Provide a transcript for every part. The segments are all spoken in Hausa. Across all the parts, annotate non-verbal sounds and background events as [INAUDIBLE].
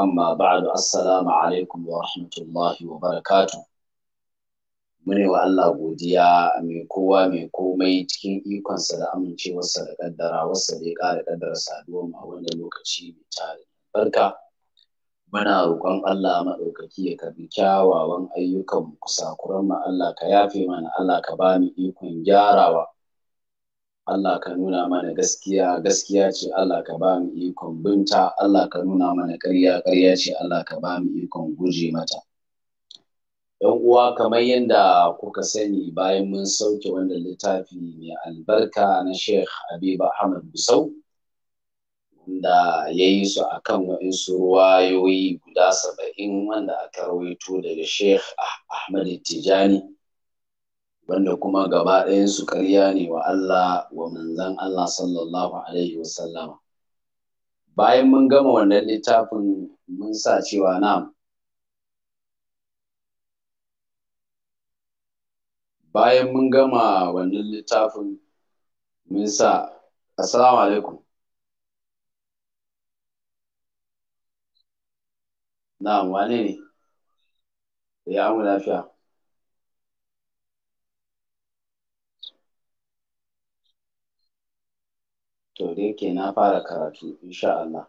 amma ba'adu assalamu alaikum wa rahmatullahi wa barakatu mune wa Allah godiya mai kowa mai komai cikin ikonsa da amincewarsa da kaddara wasa da ya ƙara kaddara saduwa a wannan lokaci mai tare barka muna roƙon Allah maɗaukaki ya karbi kyawawan ayyukan kusakuran mu Allah ka yafe mana Allah ka ba mu ikon gyarawa Allah ka nuna mana gaskiya gaskiya ce Allah ka ba mu ikon binta Allah ka nuna mana ƙarya ƙarya ce Allah ka ba mu ikon guje mata yan uwa kamar yadda kuka sani bayan mun sauke wannan littafi mai albarka na Sheikh Habiba Ahmad Busau wanda ya yi su a kan waɗansu ruwayoyi guda saba'in wanda aka rawaito daga Sheikh Ahmad Tijani wanda kuma gaba su ƙarya ne wa Allah wa manzan Allah sallallahu alaihi wasallama bayan mun gama wannan littafin mun sa cewa na bayan mun gama wannan littafin mun sa assalamu alaikum na wane ne ya mu lafiya to da yake na fara karatu insha Allah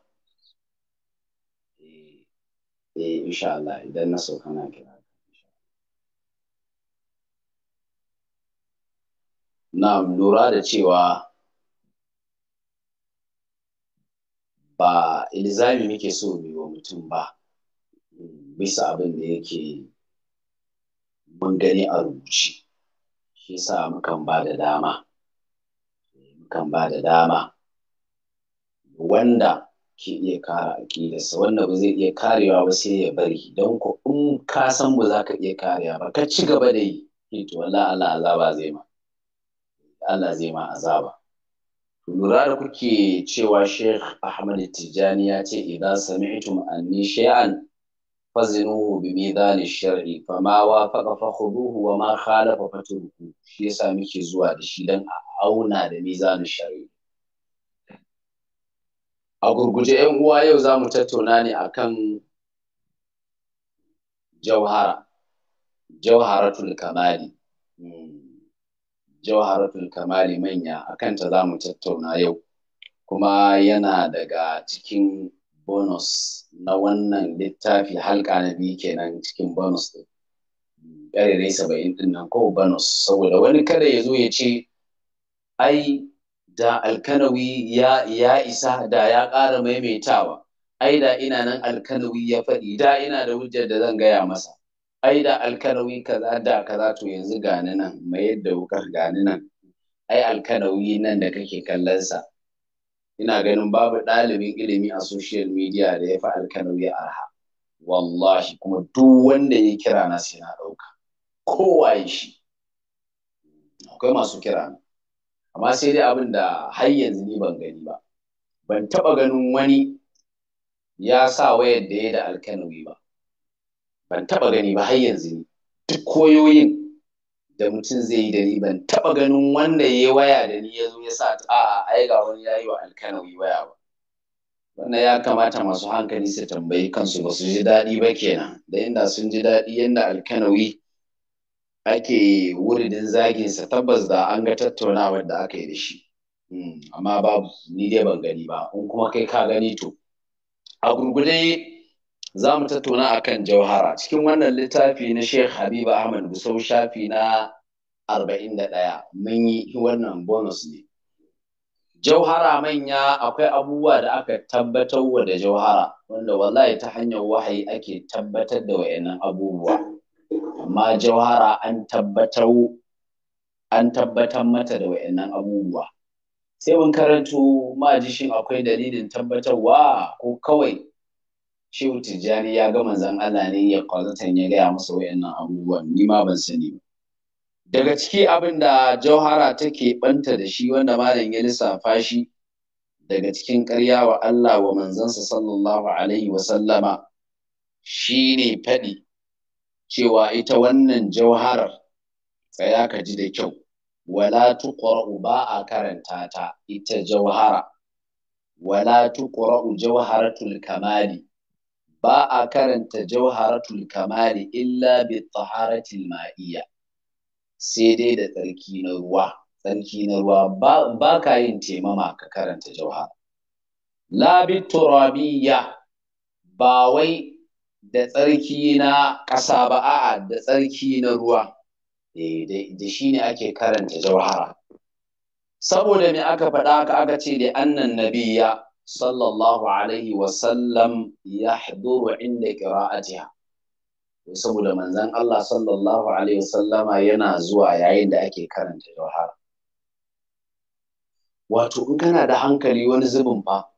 eh, eh insha Allah idan na sauka na kira na lura da cewa ba ilzami muke so mu wa mutum ba bisa abin da yake mun gani a rubuci shi yasa mukan ba da dama eh, mukan ba da dama wanda ke iya kare aƙidarsa wanda ba zai iya karewa ba sai ya bari don ko in ka san ba za ka iya karewa ba ka ci gaba da yi eh to walla Allah azaba zai ma Allah zai ma azaba lura da kuke cewa Sheikh Ahmad tijani ya ce idan sami'tum anni shay'an fazinuhu bi mizani shar'i fa ma wafaqa fa khuduhu wa ma khalafa fatruku shi yasa muke zuwa da shi dan a auna da mizanin shar'i a gurguje yan uwa yau za mu tattauna ne akan jauhara jauharatul kamali jauharatul kamali manya a kanta za mu tattauna yau kuma yana daga cikin bonus na wannan littafi halka na biyu kenan cikin bonus ɗin ƙarerai saba'in ɗin nan ko bonus saboda wani kada ya zo ya ce ai da alkanawi ya ya isa da ya ƙara maimaitawa ai da ina nan alkanawi ya faɗi da ina da hujjar da zan gaya masa ai da alkanawi kaza da kaza to yanzu gani nan mai yadda wukar gani nan ai alkanawi nan da kake kallon sa ina ganin babu ɗalibin ilimi a social media da ya fi alkanawi arha wallahi kuma duk wanda ya kira na sai na ɗauka kowa shi akwai masu kira na amma sai dai abin da har yanzu ni ban gani ba ban taɓa ganin wani ya sa wayar da ya da alkanawi ba ban taɓa gani ba har yanzu ni duk koyoyin da mutum zai yi da ni ban taɓa ganin wanda ya waya da ni ya zo ya sa a ai ga wani ya yi wa alkanawi waya ba wannan ya kamata masu hankali su tambayi kansu ba su ji daɗi ba kenan da inda sun ji daɗi yadda alkanawi ake wuridin zaginsa tabbas da an ga tattaunawa da aka yi da shi hmm, amma babu ni dai ban gani ba in kuma kai ka gani to a gurgure za mu tattauna akan jauhara cikin wannan littafi na sheikh habiba ahmad busau shafi na 41 mun yi wannan bonus ne jauhara manya akwai abubuwa da aka tabbatarwa da jauhara wanda wallahi ta hanyar wahayi ake tabbatar da wayannan abubuwa amma jawhara an tabbatar an tabbatar mata da wayannan abubuwa sai mun karanto ma akwai dalilin tabbatarwa ko kawai shehu tijjani ya ga manzon Allah ne ya kwazatan ya gaya masa wayannan abubuwan ni ma ban sani ba daga ciki abin da jauhara take banta da shi wanda malam ya lissafa shi daga cikin ƙarya wa Allah wa manzansa sallallahu alaihi wa sallama shine faɗi cewa ita wannan jauharar tsaya ka ji da kyau wala tuqra'u ba a karanta ta ita jauhara wala tuqra'u jauharatul kamali ba a karanta jauharatul kamali illa bi taharatil ma'iyya sai dai da tsarki na ruwa tsarki na ruwa ba ka yin temama ka karanta jauhara la bi turabiyya ba wai da tsarki na ƙasa ba a'a da tsarki na ruwa eh, da shi ne ake karanta jauhara saboda me aka faɗa aka aka ce da annan nabiya sallallahu alaihi wasallam ya haduru inda ƙira'atiha saboda manzan Allah sallallahu alaihi wasallama yana zuwa yayin da ake karanta jauhara wato in kana da hankali wani zubin fa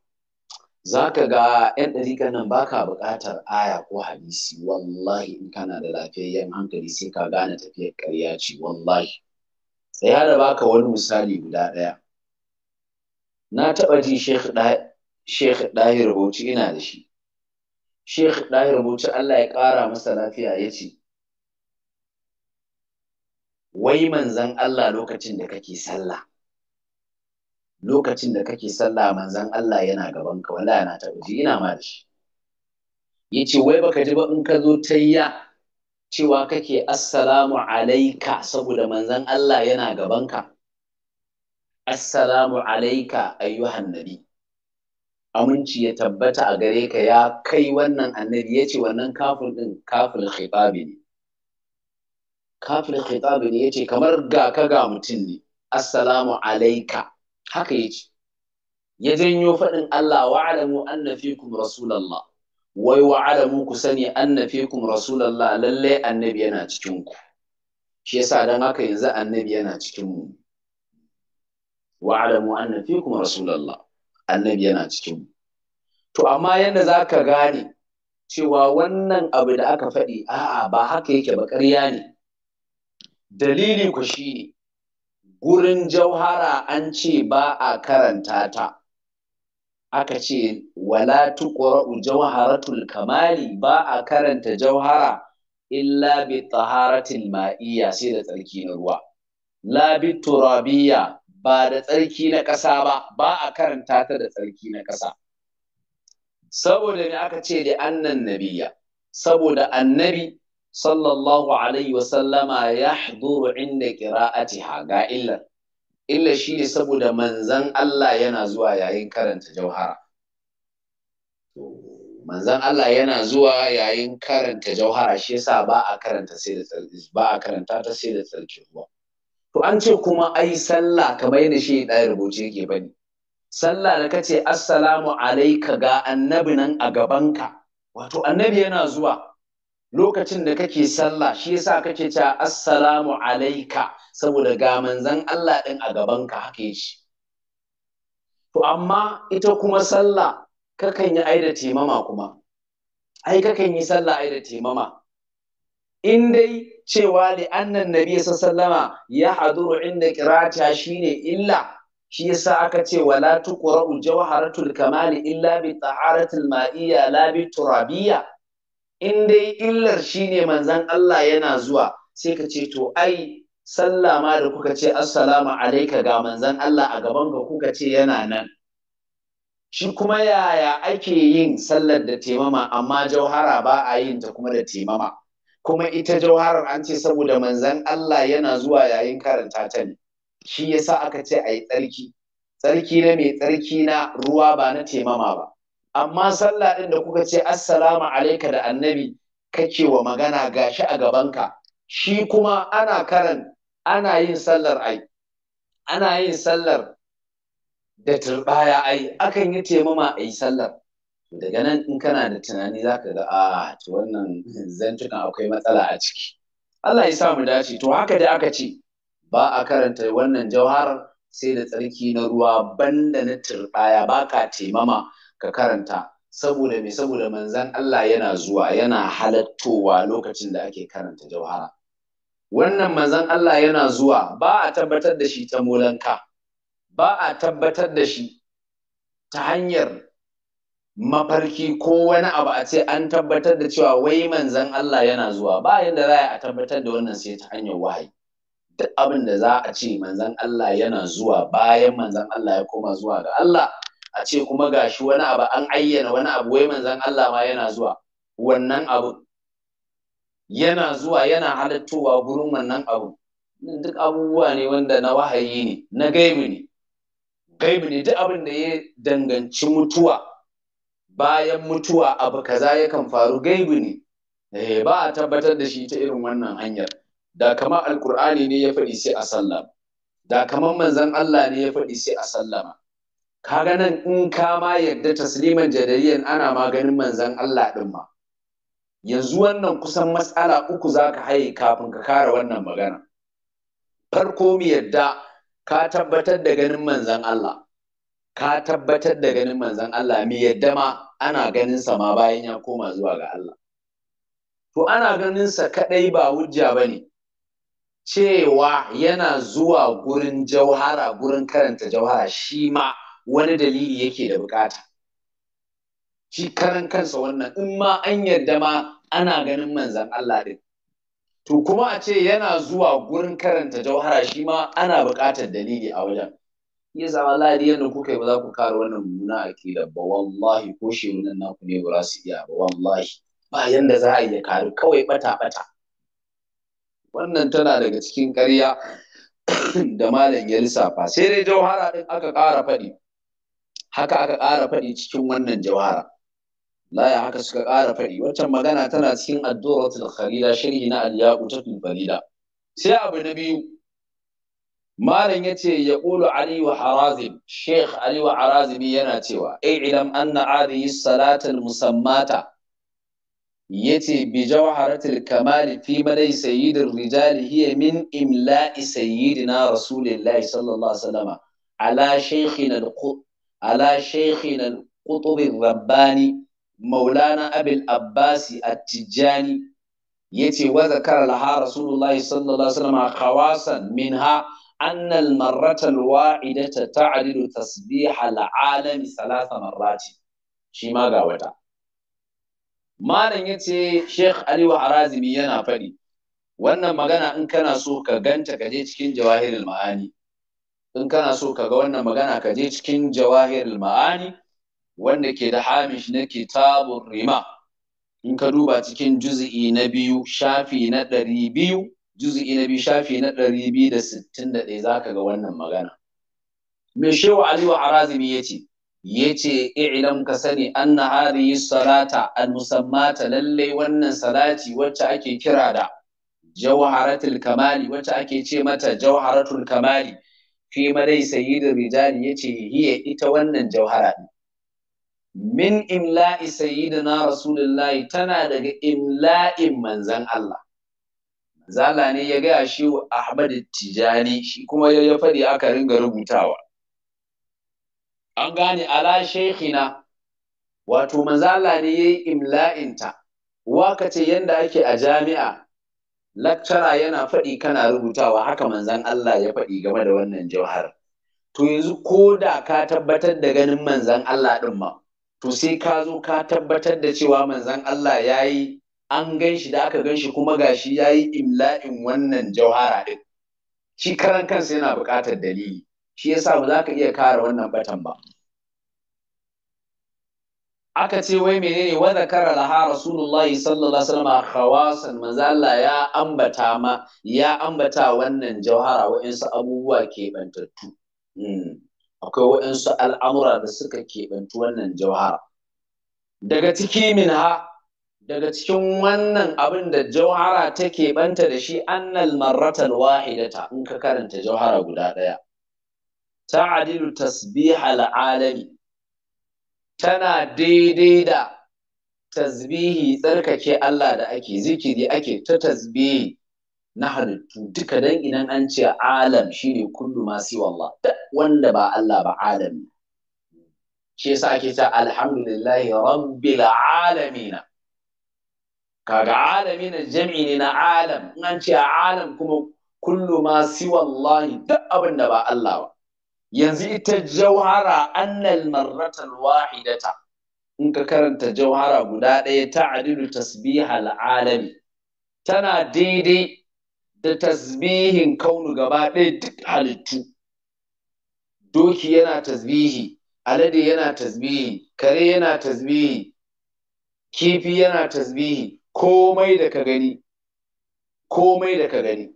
za ka ga 'yan ɗarikan nan ba ka buƙatar aya ko hadisi wallahi in kana da lafiyayyen hankali sai ka gane tafiyar ƙarya ce wallahi tsaya da baka wani misali guda ɗaya na taɓa ji sheikh ɗahir bauchi ina da shi sheikh ɗahir bauchi allah ya ƙara masa lafiya ya ce wai manzan allah lokacin da kake sallah lokacin da kake sallah manzan Allah yana gaban ka wallahi na ta ji ina ma da shi yace wai baka ji ba in ka zo tayya cewa kake assalamu alaika saboda manzan Allah yana gaban ka assalamu alaika ayyuhan nabi aminci ya tabbata a gare ka ya kai wannan annabi yace wannan kafin din kafin khitabi ne kafin khitabi ne yace kamar ga ka ga mutum ne assalamu alaika haka yake ya janyo faɗin Allah wa'alamu anna fikum rasulallah wai alamu ku sani anna fikum rasulallah lalle annabi yana cikin ku shi yasa dan haka yanzu annabi yana cikin mu wa'alamu anna fikum rasulallah annabi yana cikin mu to amma yanda zaka gane cewa wannan abu da aka faɗi a'a ba haka yake ba ƙarya ne dalili ku shi ne gurin jauhara an ce ba a karanta ta aka ce wala tuqra'u jawharatul kamali ba a karanta jauhara illa bi taharatil ma'iyya sai da tsarki na ruwa la bi turabiyya ba da tsarki na ƙasa ba ba a karanta ta da tsarki na ƙasa saboda ne aka ce da annan nabiya saboda annabi sallallahu alaihi wasallama ya haduru inda ƙira'atiha ga illar illa shi ne saboda manzan Allah yana zuwa yayin karanta jauhara. Manzan Allah yana zuwa yayin karanta jauhara shi yasa ba a karanta sai da tsarki ba a karanta ta sai da tsarki ruwa. To an ce kuma ai sallah kamar yadda shi ɗaya rubuce yake bane. Sallah da kace assalamu alaika ga annabi nan a ka. Wato annabi yana zuwa lokacin da kake sallah shi yasa kake cewa assalamu alaika saboda ga manzon Allah din a gabanka haka shi to amma ita kuma sallah kakan yi aida timama kuma ai kakan yi sallah aida timama in dai cewa da annan nabi sallama ya haduru inda kirata shine illa shi yasa aka ce wala tuqra'u jawharatul kamali illa bi ta'aratil ma'iyya la bi turabiyya in dai illar shine manzan Allah yana zuwa sai ka ce to ai sallama da kuka ce assalamu alaika ga manzan Allah a gaban ka kuka ce yana nan shi kuma yaya ake yin sallar da temama amma jauhara ba a yin ta kuma da temama kuma ita jauharar an ce saboda manzan Allah yana zuwa yayin karanta ta ne shi yasa aka ce a tsarki tsarki na mai tsarki na ruwa ba na taimama ba amma sallah ɗin da kuka ce assalamu alaika da annabi kake wa magana gashi a gabanka shi kuma ana karan ana yin sallar ai ana yin sallar da turbaya ai akan yi taimama a yi sallar daga nan in kana da tunani za ka ga a to wannan zantukan akwai matsala a ciki Allah ya sa mu dace to haka da aka ce ba a karanta wannan jawhar sai da tsarki na ruwa banda na turbaya ba ka taimama ka karanta saboda me saboda manzan Allah yana zuwa yana halattowa lokacin da ake karanta jauhara wannan manzan Allah yana zuwa ba a tabbatar da shi ta molanka ba a tabbatar da shi ta hanyar mafarki ko wani abu a ce an tabbatar da cewa wai manzan Allah yana zuwa ba yadda za a tabbatar da wannan sai ta hanyar wahayi duk abin da za a ce manzan Allah yana zuwa bayan manzan Allah ya koma zuwa ga Allah a ce kuma gashi wani abu an ayyana wani abu wai manzan Allah ma yana zuwa wannan abu yana zuwa yana halittowa gurin wannan abu duk abubuwa ne wanda na wahayi ne na gaibi ne gaibi ne duk abin da ya danganci mutuwa bayan mutuwa abu kaza yakan faru gaibi ne eh ba a tabbatar da shi ta irin wannan hanyar da kamar alkur'ani ne ya faɗi sai a sallama da kamar manzon Allah ne ya faɗi sai a sallama ka nan in ka ma yadda tasliman jadariyan ana ma ganin manzan Allah ɗin ma yanzu wannan kusan matsala uku za ka haye kafin ka kare wannan magana farko mu yadda ka tabbatar da ganin manzan Allah ka tabbatar da ganin manzan Allah mu yadda ma ana ganin sa ma bayan ya koma zuwa ga Allah to ana ganin sa kadai ba hujja bane cewa yana zuwa gurin jauhara gurin karanta jauhara shi ma wani dalili yake da bukata shi karan kansa wannan in ma an yarda ma ana ganin manzan Allah ɗin. to kuma a ce yana zuwa gurin karanta jauhara shi ma ana buƙatar dalili a wajen ya zama wallahi yadda kuka yi ba za ku kare wannan mummuna akida ba wallahi ko nan naku ne ba za su iya ba wallahi ba yanda za a iya kare kawai bata bata wannan tana daga cikin ƙarya [COUGHS] da malam ya lissafa sai dai jauhara din aka ƙara faɗi haka aka ƙara faɗi cikin wannan jawara. laya haka suka ƙara faɗi waccan magana tana cikin addu'atul kharida sharhi na al-yaqutatul farida sai abu na biyu malam yace ya qulu ali wa harazim sheikh ali wa yana cewa i'lam anna hadhihi salatul musammata yace bi jawharatul kamal fi madai sayyidir rijal hiya min imla'i sayyidina rasulillahi sallallahu alaihi wasallama ala shaykhina ala shaykhina al rabbani maulana Abel abbasi at-tijani yace wa zakara laha rasulullahi sallallahu alaihi wasallam khawasan minha أن المرة الواحدة تعدل تسبيح العالم ثلاث مرات shi ma ga Malam ya ce Sheikh Aliyu Harazimi yana faɗi, wannan magana in kana so ka ganta ka je cikin jawahirin ma'ani. in kana so ka ga wannan magana ka je cikin jawahir ma'ani wanda ke da hamish na kitabun rima in ka duba cikin juzi'i na biyu shafi na ɗari biyu juzi'i na biyu shafi na ɗari biyu da sittin da ɗaya za ka ga wannan magana mai ali aliyu arazimi ya ce ya ce i'lam ka sani anna hadhihi salata al-musammata lallai wannan salati wacce ake kira da jawharatul kamali wacce ake ce mata jawharatul kamali fi madai sayyidin rijali yace hiya ita wannan jauhara ne min imla'i sayyidina rasulullahi tana daga imla'in manzan Allah zala ne ya gaya shi wa Ahmad Tijani shi kuma ya faɗi aka ringa rubutawa an gane ala shekina. wato manzala ne yi imla'inta waka ce yanda ake a jami'a lakcara yana faɗi kana rubutawa haka manzan Allah ya faɗi game da wannan jauhar to yanzu ko da ka tabbatar da ganin manzan Allah ɗin ma to sai ka zo ka tabbatar da cewa manzan Allah ya yi an gan shi da aka gan shi kuma gashi ya yi imla'in wannan jauhara ɗin shi karan kansa yana buƙatar dalili shi yasa ba za ka iya kare wannan batan ba aka ce wai menene wa kara laha rasulullahi sallallahu alaihi wasallam khawasan manzo Allah ya ambata ma ya ambata wannan jauhara wa'ansu abubuwa bantattu hmm. akwai wa'ansu al'amura da suka bantu wannan jauhara daga ciki min ha daga cikin wannan abin da jauhara ta banta da shi annal marratal wahidata in ka karanta jauhara guda ɗaya ta'adilu tasbihal alamin tana daidai da tasbihi tsarkake Allah da ake zikiri ake ta tasbihi na halittu duka dan idan an ce alam shine kullu ma siwa wanda ba Allah ba alam shi yasa ake ta alhamdulillahi rabbil alamin kaga alamin jam'i ne na alam in an ce alam kuma kullu ma siwa duk abin ba Allah ba yanzu ita jauhara annal marratal wahidata in ka karanta jauhara guda ɗaya ta adilu tasbiha alalami tana daidai da tasbihin kaunu gaba ɗaya duk halittu doki yana tasbihi alade yana tasbihi kare yana tasbihi kifi yana tasbihi komai da ka gani komai da ka gani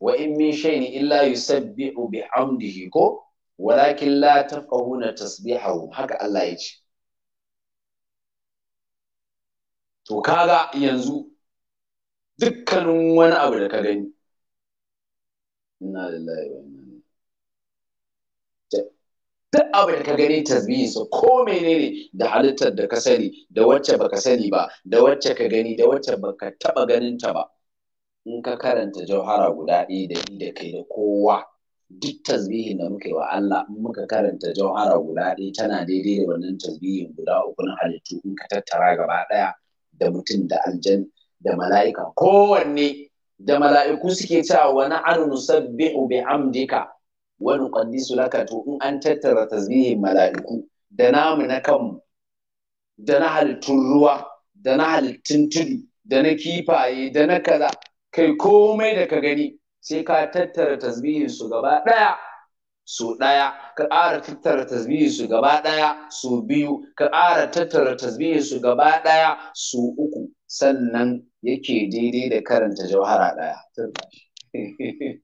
wa in min shay'in illa yusabbihu bihamdihi ko walakin la tafqahuna tasbihahum haka Allah ya ce to kaga yanzu dukkanin wani abu da ka gani inna lillahi wa inna duk abu da ka gani tasbihi su ko menene da halittar da ka sani da wacce baka sani ba da wacce ka gani da wacce baka taba ganin ta ba in ka karanta jauhara guda ɗaya da ni da kai da kowa duk tasbihin da muka yi wa Allah in muka karanta jauhara guda ɗaya tana daidai da wannan tasbihin guda uku na halittu in ka tattara gaba ɗaya da mutum da aljan da mala'ika kowanne da mala'iku suke cewa wani arnu sabbihu bi amdika wani nuqaddisu laka to in an tattara tasbihin mala'iku da namu na kanmu da na halittun ruwa da na halittun tudu da na kifaye da na kaza kai komai da ka gani sai ka tattara tasbihin su gaba ɗaya su ɗaya ka ƙara tattara tasbihin su gaba ɗaya su biyu ka ƙara tattara tasbihin su gaba ɗaya su uku sannan yake daidai da karanta jauhara ɗaya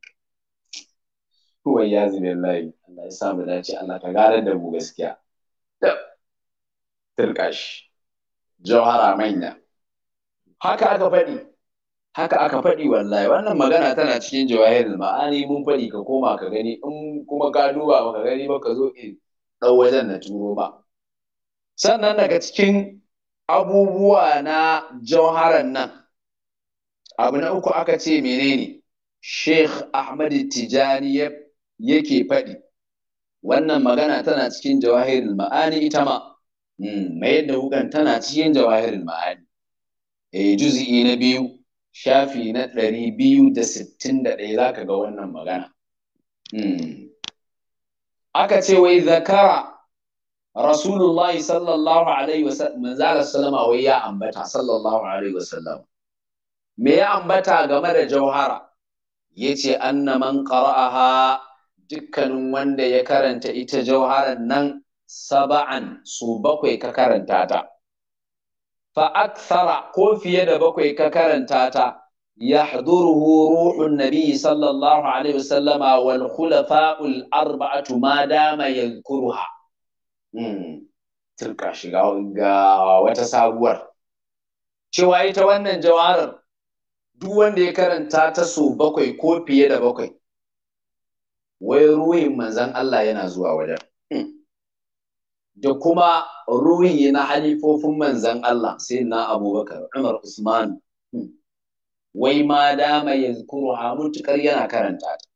huwai ya zube layi Allah ya sa mu dace Allah ka gara da mu gaskiya turka shi jauhara manya haka aka faɗi haka aka faɗi wallahi wannan magana tana cikin jawahirin, ma'ani mun faɗi ka koma ka gani in kuma ka duba ka gani ba ka zo in ɗau wajen na turo ba sannan daga cikin abubuwa na jauharan nan abu na uku aka ce menene sheikh ahmad tijani yake faɗi wannan magana tana cikin jawahirin, ma'ani ita ma hmm, mai da hukan tana cikin jawahirin, ma'ani eh juzi'i na biyu shafi na ɗari biyu da sittin da ɗaya za ka ga wannan magana. Hmm. Aka ce wai zakara Rasulullah sallallahu alaihi wasallam manzala salama wai ya ambata sallallahu alaihi wasallam. Me ya ambata game da jauhara? Ya ce anna man qara'aha dukkanin wanda ya karanta ita jauharan nan saba'an su bakwai ka karanta ta. fa akthara ko fiye da bakwai ka karanta ta yahduruhu ruhun nabi sallallahu alaihi wasallama wal khulafa'ul arba'atu ma dama yankuruha hmm. turka shiga ga wata sabuwar cewa ita wannan jawarar duk wanda ya karanta ta so bakwai ko fiye da bakwai wai ruhin manzan Allah yana zuwa wajen da kuma ruhi na halifofin manzan Allah sai na abubakar Umar Usman hmm. wai ma dama ya kuma ha mutukar yana karanta ta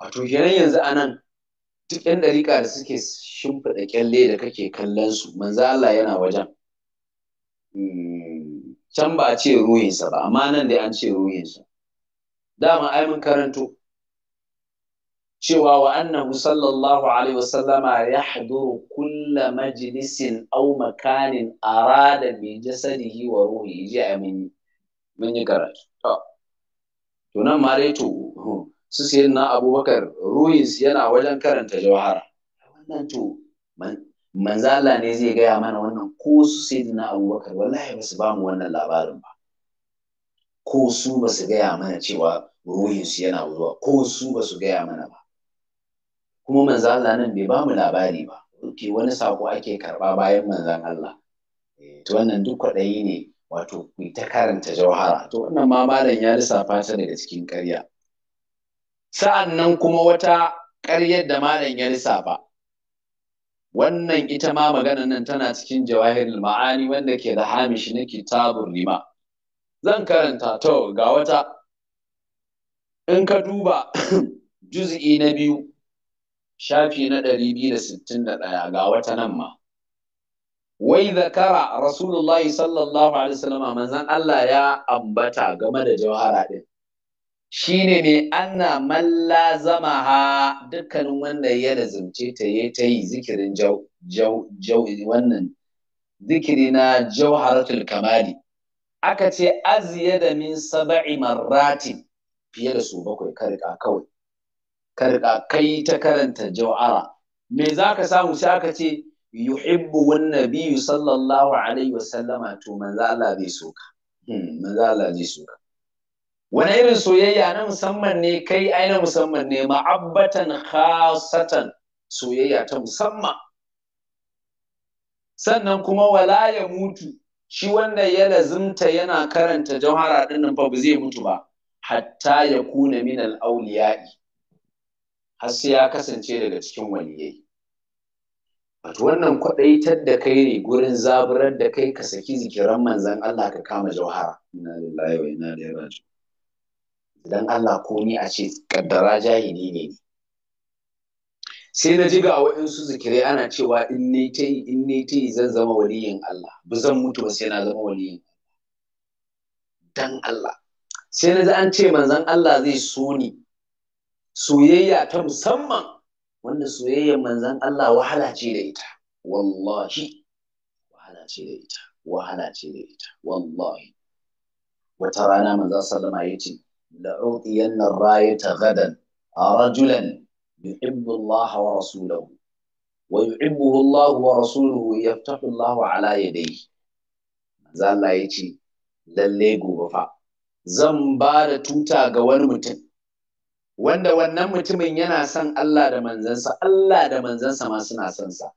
wato kenan yanzu anan duk yan dariƙa da suke shimfiɗa kyalle da kake kallon su manzan Allah yana wajen hmm. can ba a ce ruhinsa ba amma nan dai an ce ruhinsa dama ai mun karanto cewa wa annahu sallallahu alaihi wasallama ya haduru kulla majlisin au makanin arada bi jasadihi wa ruhi ji a mun yi karatu to nan mare to su sai na abubakar ruhi yana wajen karanta jawhara wannan to manzala ne zai gaya mana wannan ko su sai na abubakar wallahi ba su ba mu wannan labarin ba ko su ba su gaya mana cewa ruhinsu yana zuwa ko su ba su gaya mana ba kuma manzan Allah nan bai ba mu labari ba ke wani sako ake karba bayan manzan Allah eh, to wannan duk kwaɗayi ne wato kuyi ta karanta jauhara to wannan ma malam ya lissafa ta daga cikin ƙarya Sa'annan kuma wata ƙaryar da malam ya lissafa wannan ita ma maganar nan tana cikin jawahirul ma'ani wanda ke da hamishi na kitabun rima zan karanta to ga wata in ka duba [CLEARS THROAT] juz'i na biyu shafi na ɗari biyu da sittin da ɗaya ga wata nan ma wai zakara rasulullahi sallallahu alaihi wasallam manzon Allah ya ambata game da jawhara din shine mai na man lazama ha dukkanin wanda ya lazumce ta yi ta yi zikirin wannan zikiri na jawharatul kamali aka ce aziya da min sab'i marratin fiye da su bakwai karika kawai ka kai ta karanta jawara me za ka samu sai aka ce yuhibbu wan nabiyyu sallallahu alaihi wasallama to manzo Allah zai so ka hmm, manzo Allah zai so ka wani irin soyayya na musamman ne kai ai na musamman ne ma'abbatan khasatan soyayya ta musamman sannan kuma wala ya mutu shi wanda ya lazimta yana karanta jauhara dinnan fa ba zai mutu ba hatta ya kuna min al-awliya'i har sai ya kasance daga cikin waliyai wato wannan kwaɗaitar da kai ne gurin zaburar da kai ka saki zikiran manzan Allah ka kama jauhara inna lillahi wa inna ilaihi raji'un idan Allah komi a ce kaddara jahili ne sai na ji ga waɗansu zikirai ana cewa in ne ta yi in ne ta yi zan zama waliyin Allah ba zan mutu ba sai na zama waliyin Allah dan Allah sai na ji an ce manzan Allah zai so ni soyayya ta musamman wanda soyayyar manzan Allah wahala ce da ita wallahi wahala ce da ita wahala ce da ita wallahi wata rana manzan sallama ya ce la'udiyanna rayata gadan a rajulan yuhibbu Allah wa rasulahu wa yuhibbuhu Allah wa rasuluhu yaftahu Allah ala yadayhi manzan Allah ya ce lalle gobe fa zan ba da tuta ga wani mutum wanda wannan mutumin yana son Allah da manzansa Allah da manzansa ma suna son sa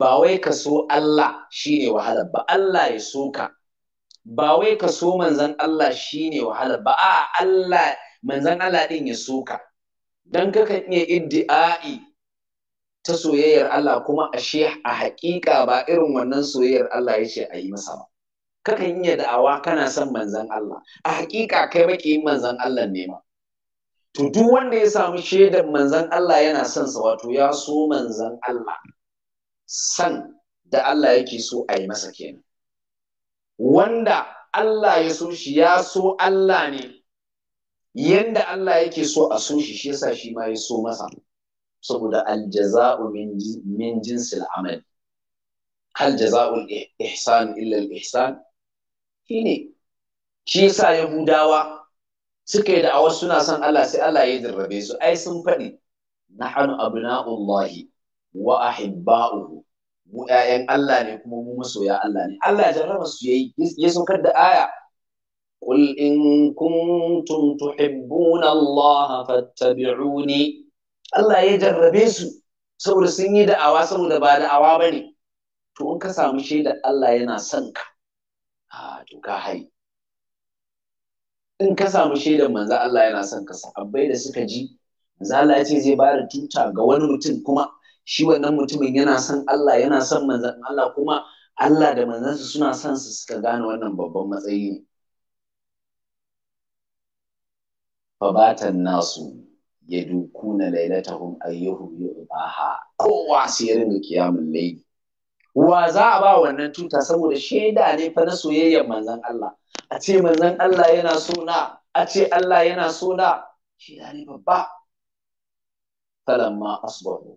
ba wai ka so Allah shi ne wahala. ba Allah ya so ka ba wai ka so manzan Allah shi ne wahala. ba a Allah manzan Allah din ya so ka dan kakan iya iddi'ai ta soyayyar Allah kuma ashe a haƙiƙa ba irin wannan soyayyar Allah ya ce a yi masa ba. Kakan iya da'awa kana son manzan Allah, a haƙiƙa kai baƙi manzan Allah nema. to duk wanda ya samu shaidar manzan Allah yana son sa wato ya so manzan Allah san da Allah yake so a yi masa kenan wanda Allah ya so shi ya so Allah ne yanda Allah yake so a so shi shi yasa shi ma ya so masa saboda aljaza'u min jinsil amal hal jaza'ul ihsan illa al ihsan shine shi yasa yahudawa suka yi awa suna son Allah sai Allah ya jarrabe su ai sun faɗi nahanu abna'ullahi wa ahibba'uhu mu ƴaƴan Allah ne kuma mu masoya Allah ne Allah ya jarraba su yayi ya saukar da aya in kuntum tuhibbuna allah fattabi'uni Allah ya jarrabe su saboda sun yi da'awa saboda ba da'awa bane to in ka samu shaidar Allah yana son ka ha ah, to ka hai in ka samu shaidar manzo Allah yana son ka sahabbai da suka ji manzo Allah ya ce zai ba da tuta ga wani mutum kuma shi wannan mutumin yana son Allah yana son manzon Allah kuma Allah da manzansa suna son su suka gane wannan babban matsayi fabatan nasu ya dukuna lailatahum ayyuhum yu'baha kowa sai ya rinka kiyamun laili wa za a ba wannan tuta saboda shaida ne fa na soyayyar manzon Allah a ce manzon Allah yana so na a ce Allah yana so na shaida ne babba falamma asbahu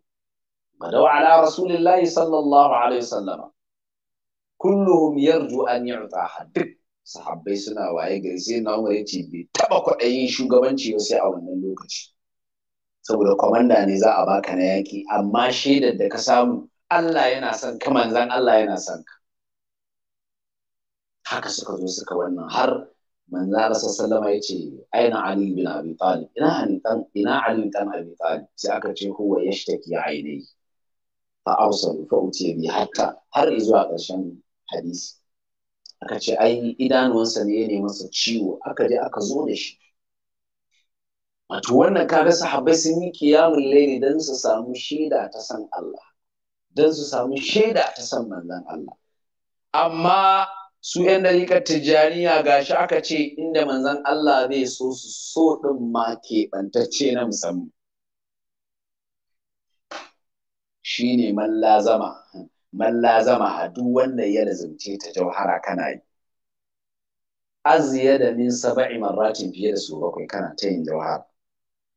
badaw ala rasulillahi sallallahu alaihi wasallam kulluhum yarju an yu'ta duk sahabbai suna waye gari sai na umar yace bai taba kwaɗayin shugabanci ba sai a wannan lokaci saboda kwamanda ne za a baka na yaki amma shaidar da ka samu Allah yana son ka manzan Allah yana son ka haka suka zo suka wannan har manzan Allah sallama ce aina Ali bin Abi Talib ina Ali dan ina Ali dan Abi Talib sai aka ce huwa yashtaki ainihi fa arsalu fa utiya bi hatta har zuwa ƙarshen hadisi aka ce ai idanuwansa ne ya nemi masa ciwo aka je aka zo da shi wato wannan kaga sahabbai sun yi kiyamul laili dan su samu shaida ta san Allah don su samu shaida ta san manzon Allah amma su yan dariƙar tijjaniya gashi aka ce inda manzon Allah zai so su so ɗin ma keɓantacce na musamman ne mallazama mallazama a duk wanda ya lazumce ta jauhara kana yi aziya da min saba'i marratin fiye da su bakwai kana ta yin jauhara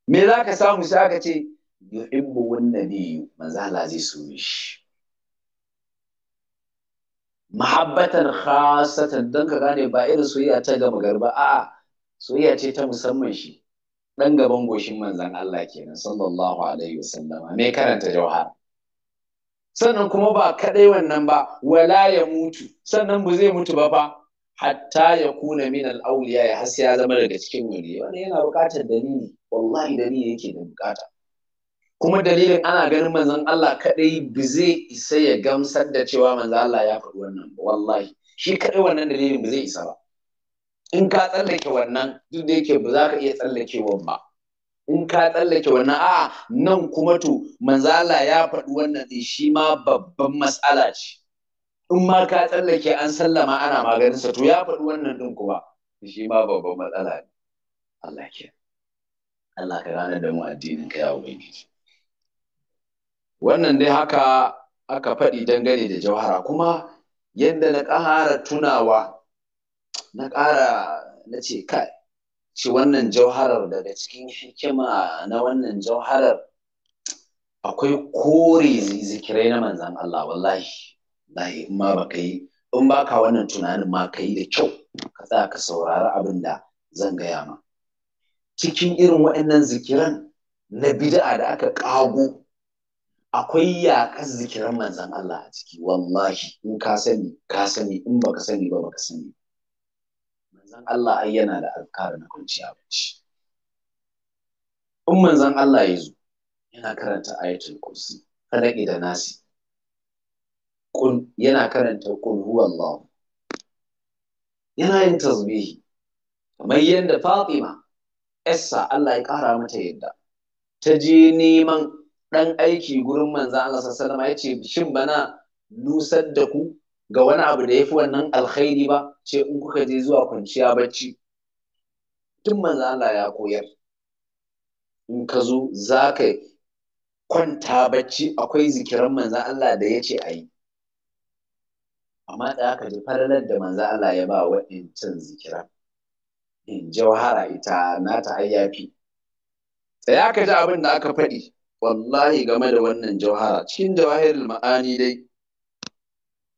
me za ka samu sai aka ce yuhibbu wanda ne manzo zai so shi mahabbatan khasatan dan ka gane ba irin soyayya ta gama garba a'a soyayya ce ta musamman shi dan gaban goshin manzon Allah kenan sallallahu alaihi wasallam me karanta jauhar sannan kuma ba kaɗai wannan ba wala ya mutu sannan ba zai mutu ba fa hatta ya kuna min al ya har ya zama daga cikin wali wannan yana buƙatar dalili wallahi dalili yake da buƙata kuma dalilin ana ganin manzon Allah kadai bi zai isa ya gamsar da cewa manzon Allah ya faɗi wannan ba wallahi shi kadai wannan dalilin bi zai isa ba in ka tsallake wannan duk da yake ba za ka iya tsallakewan ba in ka tsallake wannan a'a nan kuma to manzon Allah ya faɗi wannan din shi ma babban matsala ce in ma ka tsallake an sallama ana maganinsa to ya faɗi wannan din kuma shi ma babban matsala ne Allah ke Allah ka gane da mu addinin ka ya ubangiji wannan dai haka aka faɗi dangane da jauhara kuma yadda na ƙara tunawa na ƙara na ce kai ci wannan jauharar daga cikin hikima na wannan jauharar akwai kore zikirai na manzan Allah wallahi wallahi in ma baka yi in baka wannan tunanin ma ka yi da kyau ka tsaya ka saurari abin da zan gaya ma cikin irin waɗannan zikiran na bid'a da aka ƙago akwai yakar zikirin manzan Allah a ciki wallahi in ka sani ka sani in baka sani ba baka sani manzan Allah ai yana da alkara na kwanciya bacci in manzan Allah ya zo yana karanta ayatul kursi fadaki da nasi kun yana karanta kul huwallahu yana yin tasbihi kamar yadda Fatima Essa Allah ya kara mata yadda ta je neman ɗan aiki gurin manzan Allah sallama ya ce shin bana nusar da ku ga wani abu da ya fi wannan alkhairi ba ce in kuka je zuwa kwanciya bacci tun manzan Allah ya koyar in ka zo za ka kwanta bacci akwai zikiran manzan Allah da ya ce a yi amma da aka ji falalar da manzan Allah ya ba waɗancan zikira in jawhara ita nata ayyafi tsaya ka ji abin da aka faɗi wallahi game da wannan jauhara cikin jawahirul ma'ani dai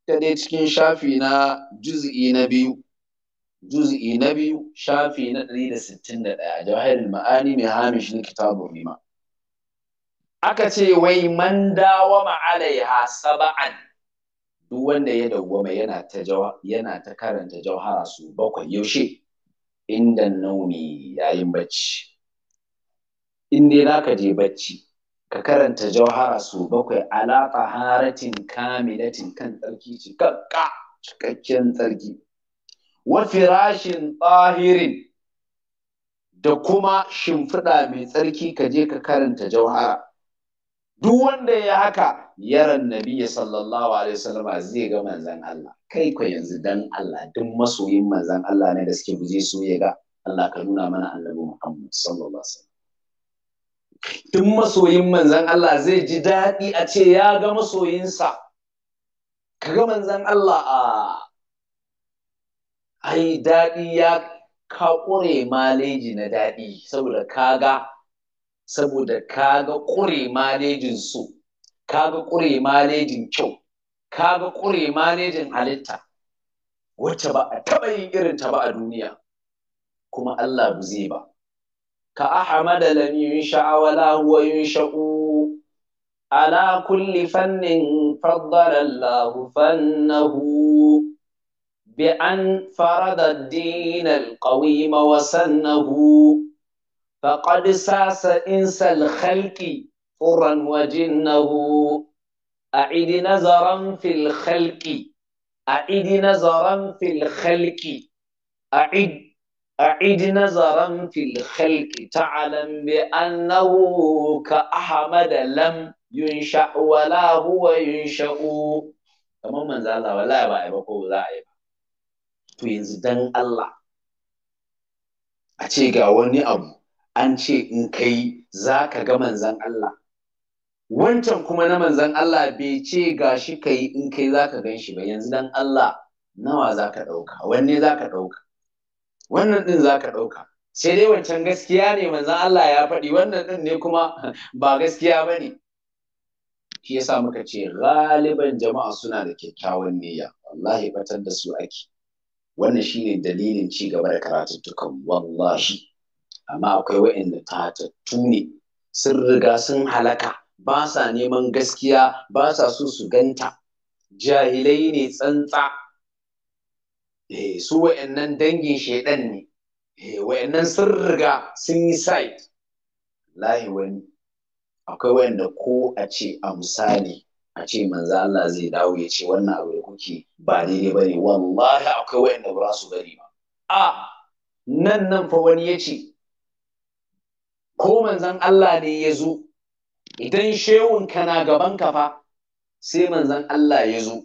ta dai cikin shafi na juz'i na biyu juz'i na biyu shafi na 161 jawahirul ma'ani mai hamishin kitabu rima aka ce wai man dawama alaiha saba'an duk wanda ya dawwama yana ta yana ta karanta jauhara su bakwai yaushe inda naumi yayin bacci in dai zaka je bacci ka karanta jauhara su bakwai alaƙa haratin kamilatin kan tsarki cikakka cikakken tsarki wa firashin tsahirin, da kuma shimfiɗa mai tsarki ka je ka karanta jauhara duk wanda ya haka yaran nabiya sallallahu alaihi wasallam zai ga manzon Allah kai ko yanzu dan Allah duk masoyin manzon Allah ne da suke buje su ya ga Allah ka nuna mana annabi Muhammad sallallahu alaihi wasallam duk masoyin manzan Allah zai ji daɗi a ce ya ga masoyinsa kaga manzan Allah a ai daɗi ya ka maleji na daɗi saboda kaga saboda kaga ƙure malejin su kaga ƙure malejin kyau kaga ƙure malejin halitta wacce ba a taɓa yin irin ta ba a duniya kuma Allah ba zai ba ka ahmad lam yunsha wala huwa yunsha ala kulli fannin faddala Allah fannahu bi an farada ad-din al-qawim wa sannahu faqad sasa insa al-khalqi furan wa jinnahu أعد نظرا في الخلق أعد نظرا في الخلق أعد أعيد نظرا في الخلق تعلم بأنه كأحمد لم ينشأ ولا هو ينشأ kamar manzo Allah wallahi ba a yi ba ko za a yi yanzu dan Allah a ce ga wani abu an ce in kai za ka ga manzan Allah wancan kuma na manzan Allah bai ce gashi shi ka yi in kai za ka gan shi ba yanzu dan Allah nawa za ka ɗauka wanne za ka ɗauka wannan din ka ɗauka sai dai wancan gaskiya ne manzan Allah ya faɗi wannan din ne kuma ba gaskiya ba ne shi yasa muka ce galiban jama'a suna da kyakkyawan niyya wallahi batar da su ake wannan shine dalilin ci gaba da karatuttukan wallahi amma akwai wa'anda tatattu ne sun riga sun halaka ba sa neman gaskiya ba sa so su ganta jahilai ne tsantsa Eh, su wa'annan dangin shaidan ne eh, wa'annan sun riga sun yi site lahi wani akwai wanda ko a ce a misali a ce manzo Allah zai dawo ya ce wannan abu da kuke ba daidai bane wallahi akwai wanda ba su bari ba a nan nan fa wani ya ce ko manzon Allah ne ya zo idan shehun kana gaban ka fa sai manzon Allah ya zo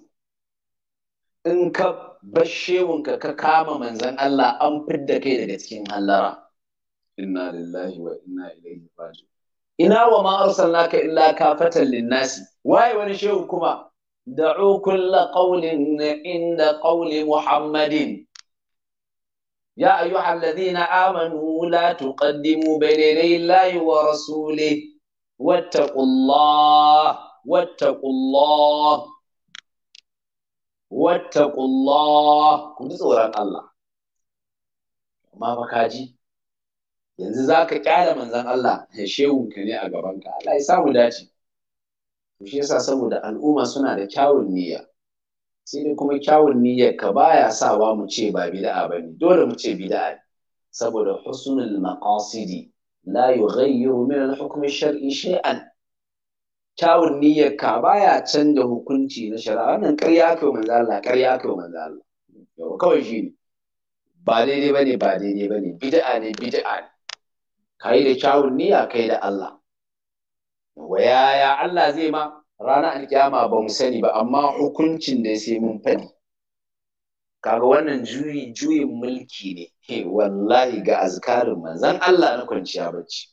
in ka Bashewun ka kama manzan Allah an fidda kai daga cikin hallara inna lillahi wa inna ilaihi raji'un ina wa ma arsalnaka illa kafatan linnasi waye wani shehu kuma da'u kulla qawlin inda qawli muhammadin ya ayyuhal ladhina amanu la tuqaddimu bayna yaday wa rasulihi wattaqullaha wattaqullaha wattaqullah ku ji tsoron Allah amma fa kaji yanzu zaka kyara manzon Allah ya shehun ka ne a gaban ka Allah ya samu dace to shi yasa saboda al'umma suna da kyawun niyya sai dai kuma kyawun niyyar ka baya sawa mu ce ba bid'a bane dole mu ce bid'a ne saboda husnul maqasidi la yughayyiru min al-hukm shari shay'an kyawun ka baya canza hukunci na shari'a wannan ƙarya kai manzo Allah ƙarya kai manzo Allah kawai shi ne ba daidai bane ba daidai bane bid'a ne bid'a ne kai da kyawun niyya kai da Allah wa yaya Allah zai ma ranar alkiyama ba mu sani ba amma hukuncin da sai mun fadi. kaga wannan juyi juyin mulki ne he wallahi ga azkarin manzon Allah na kwanciya bacci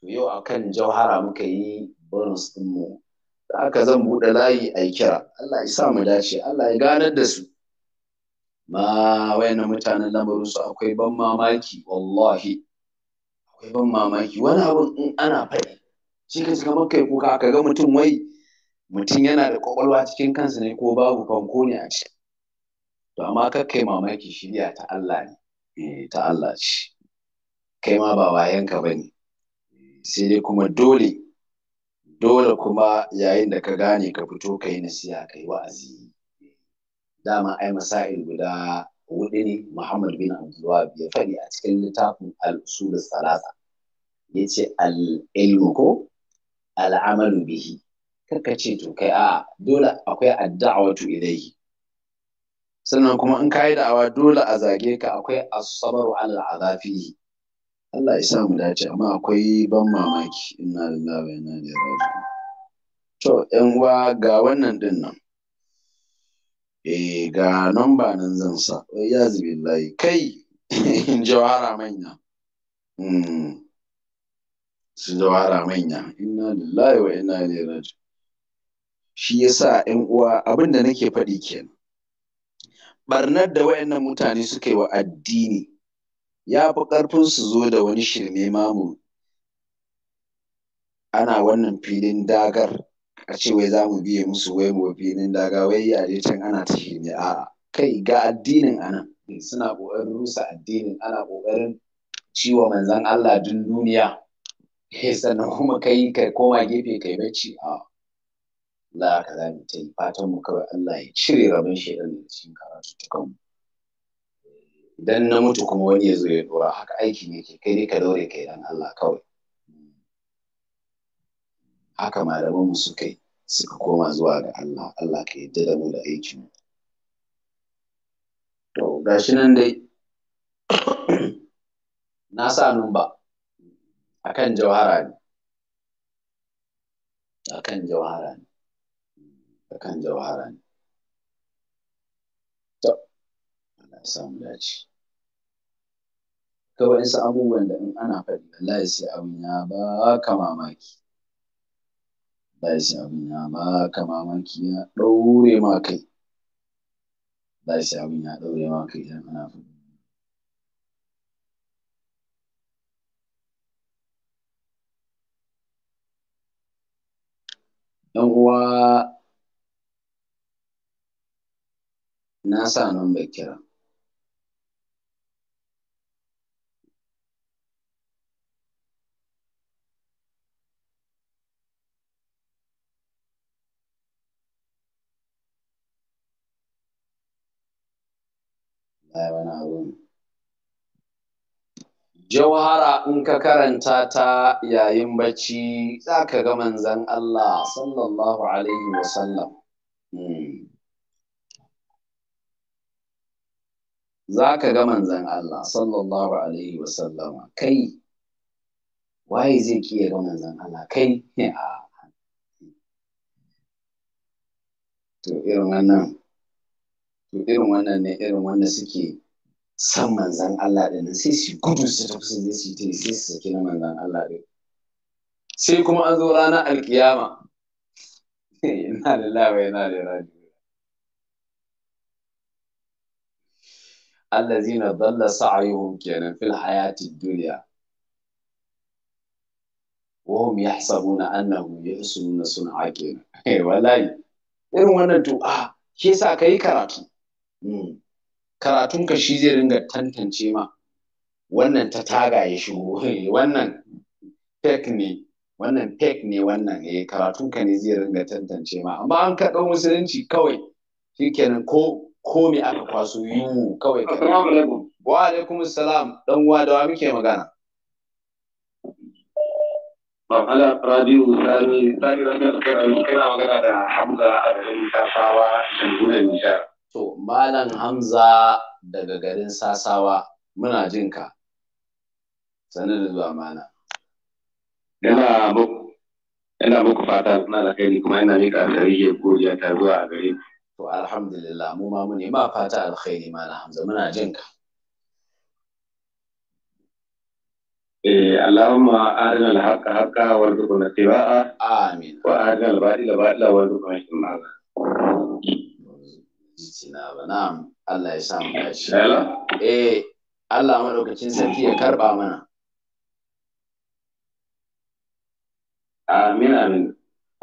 to yau akan jauhara muka yi bonus ɗin mu da aka zan buɗe layi a kira Allah ya sa mu dace Allah ya ganar da su ma wayannan mutanen lamarin su akwai ban mamaki wallahi akwai ban mamaki wani abun in ana faɗi shi ka shiga maka kuka ka ga mutum wai mutum yana da kwakwalwa cikin kansa ne ko babu fanko ne a ciki to amma kai mamaki shirya ta Allah ne eh, ta Allah ce kai ma ba wayanka ba ne eh, sai dai kuma dole dole kuma yayin da ka gane ka fito ka yi nasiha ka yi wa'azi dama ai masa'il guda hudu ne Muhammad bin Abdullah ya faɗi a cikin littafin al-usul salasa yace al-ilmu ko al-amalu bihi karka ce to kai a dole akwai ad-da'watu ilayhi sannan kuma in ka yi da'awa dole a zage ka akwai as-sabru ala azafihi Allah ya sa mu dace amma akwai ban mamaki inna lillahi wa inna ilaihi raji'un to 'yan uwa ga wannan din nan eh ga namba nan zan sa ya zubillahi kai [LAUGHS] jawara manya mm. su jawara manya inna lillahi wa inna ilaihi raji'un shi yasa 'yan uwa abin da nake faɗi kenan barnar da wayannan mutane suka yi wa addini ya fi ƙarfin su zo da wani shirme mamu ana wannan filin dagar a ce wai za mu biye musu wai mu filin daga wai yare can ana ta shirme a kai ga addinin ana suna ƙoƙarin rusa addinin ana ƙoƙarin ciwo manzan Allah duk duniya sannan kuma kai ka koma gefe kai bacci a Allah ka ta yi fatan mu kawai Allah ya cire rabin shi da cikin karatu tukan mu idan na mutu kuma wani ya zo ya dora haka aiki ne ke kai ka daure kai dan Allah kawai haka malaman mu suka yi suka koma zuwa ga Allah Allah ka yadda da mu da aiki mu to gashi nan dai [COUGHS] na sa numba akan jawhara ne akan jawhara ne akan jawhara ne to Allah ya samu dace akwai waɗansu abubuwan da in ana faɗi wallahi sai abin ya ba ka mamaki sai abin ya ba ka mamaki ya ɗaure ma kai wallahi sai ɗaure ma kai idan na sa nan bai kira Jauhara in ka karanta ta yayin bacci za ka ga manzan Allah sallallahu Alaihi wasallam. Hmm. Za ka ga manzan Allah sallallahu Alaihi wasallama kai waye zai kiyaye ga manzan Allah kai ne a [LAUGHS] ah. to irin wannan. to irin wannan ne irin wanda suke san manzan Allah din sai su gudu su tafi su je su yi sai su saki na manzan Allah ɗin. sai kuma an zo ranar alkiyama [LAUGHS] ina da lawa yana da raji allazina dalla sa'yuhum kenan fil hayatid dunya وهم يحسبون أنهم يحسنون صنعا kenan [LAUGHS] wallahi irin wannan to a ah, sa ka yi karatu karatunka shi zai ringa tantance ma wannan ta taga ya shigo wannan fake ne wannan fake ne wannan eh karatunka ne zai ringa tantance ma amma an kaɗo musulunci kawai shikenan ko ko me aka kwaso yiwu kawai ka alaikum wa alaikum salam dan uwa da wa muke magana Mamala Radio Sani, Sani Rabiya Sani, kana magana da Hamza a Tafawa, Jamhuriyar Nijar. To, Malam Hamza daga garin Sasawa, muna jin ka. Sanar da zuwa mana. Yana muku, yana muku fata suna da kai kuma yana mika ya godiya ta zuwa a gare To, alhamdulillah, mu ma mu ma fata alkhairi Malam Hamza, muna jin ka. اللهم أرنا الحق حقا وارزقنا اتباعه آمين وأرنا الباطل باطلا وارزقنا اجتنابه zuciya ba na Allah ya sa mu dace eh Allah madaukakin sarki ya karba mana amin amin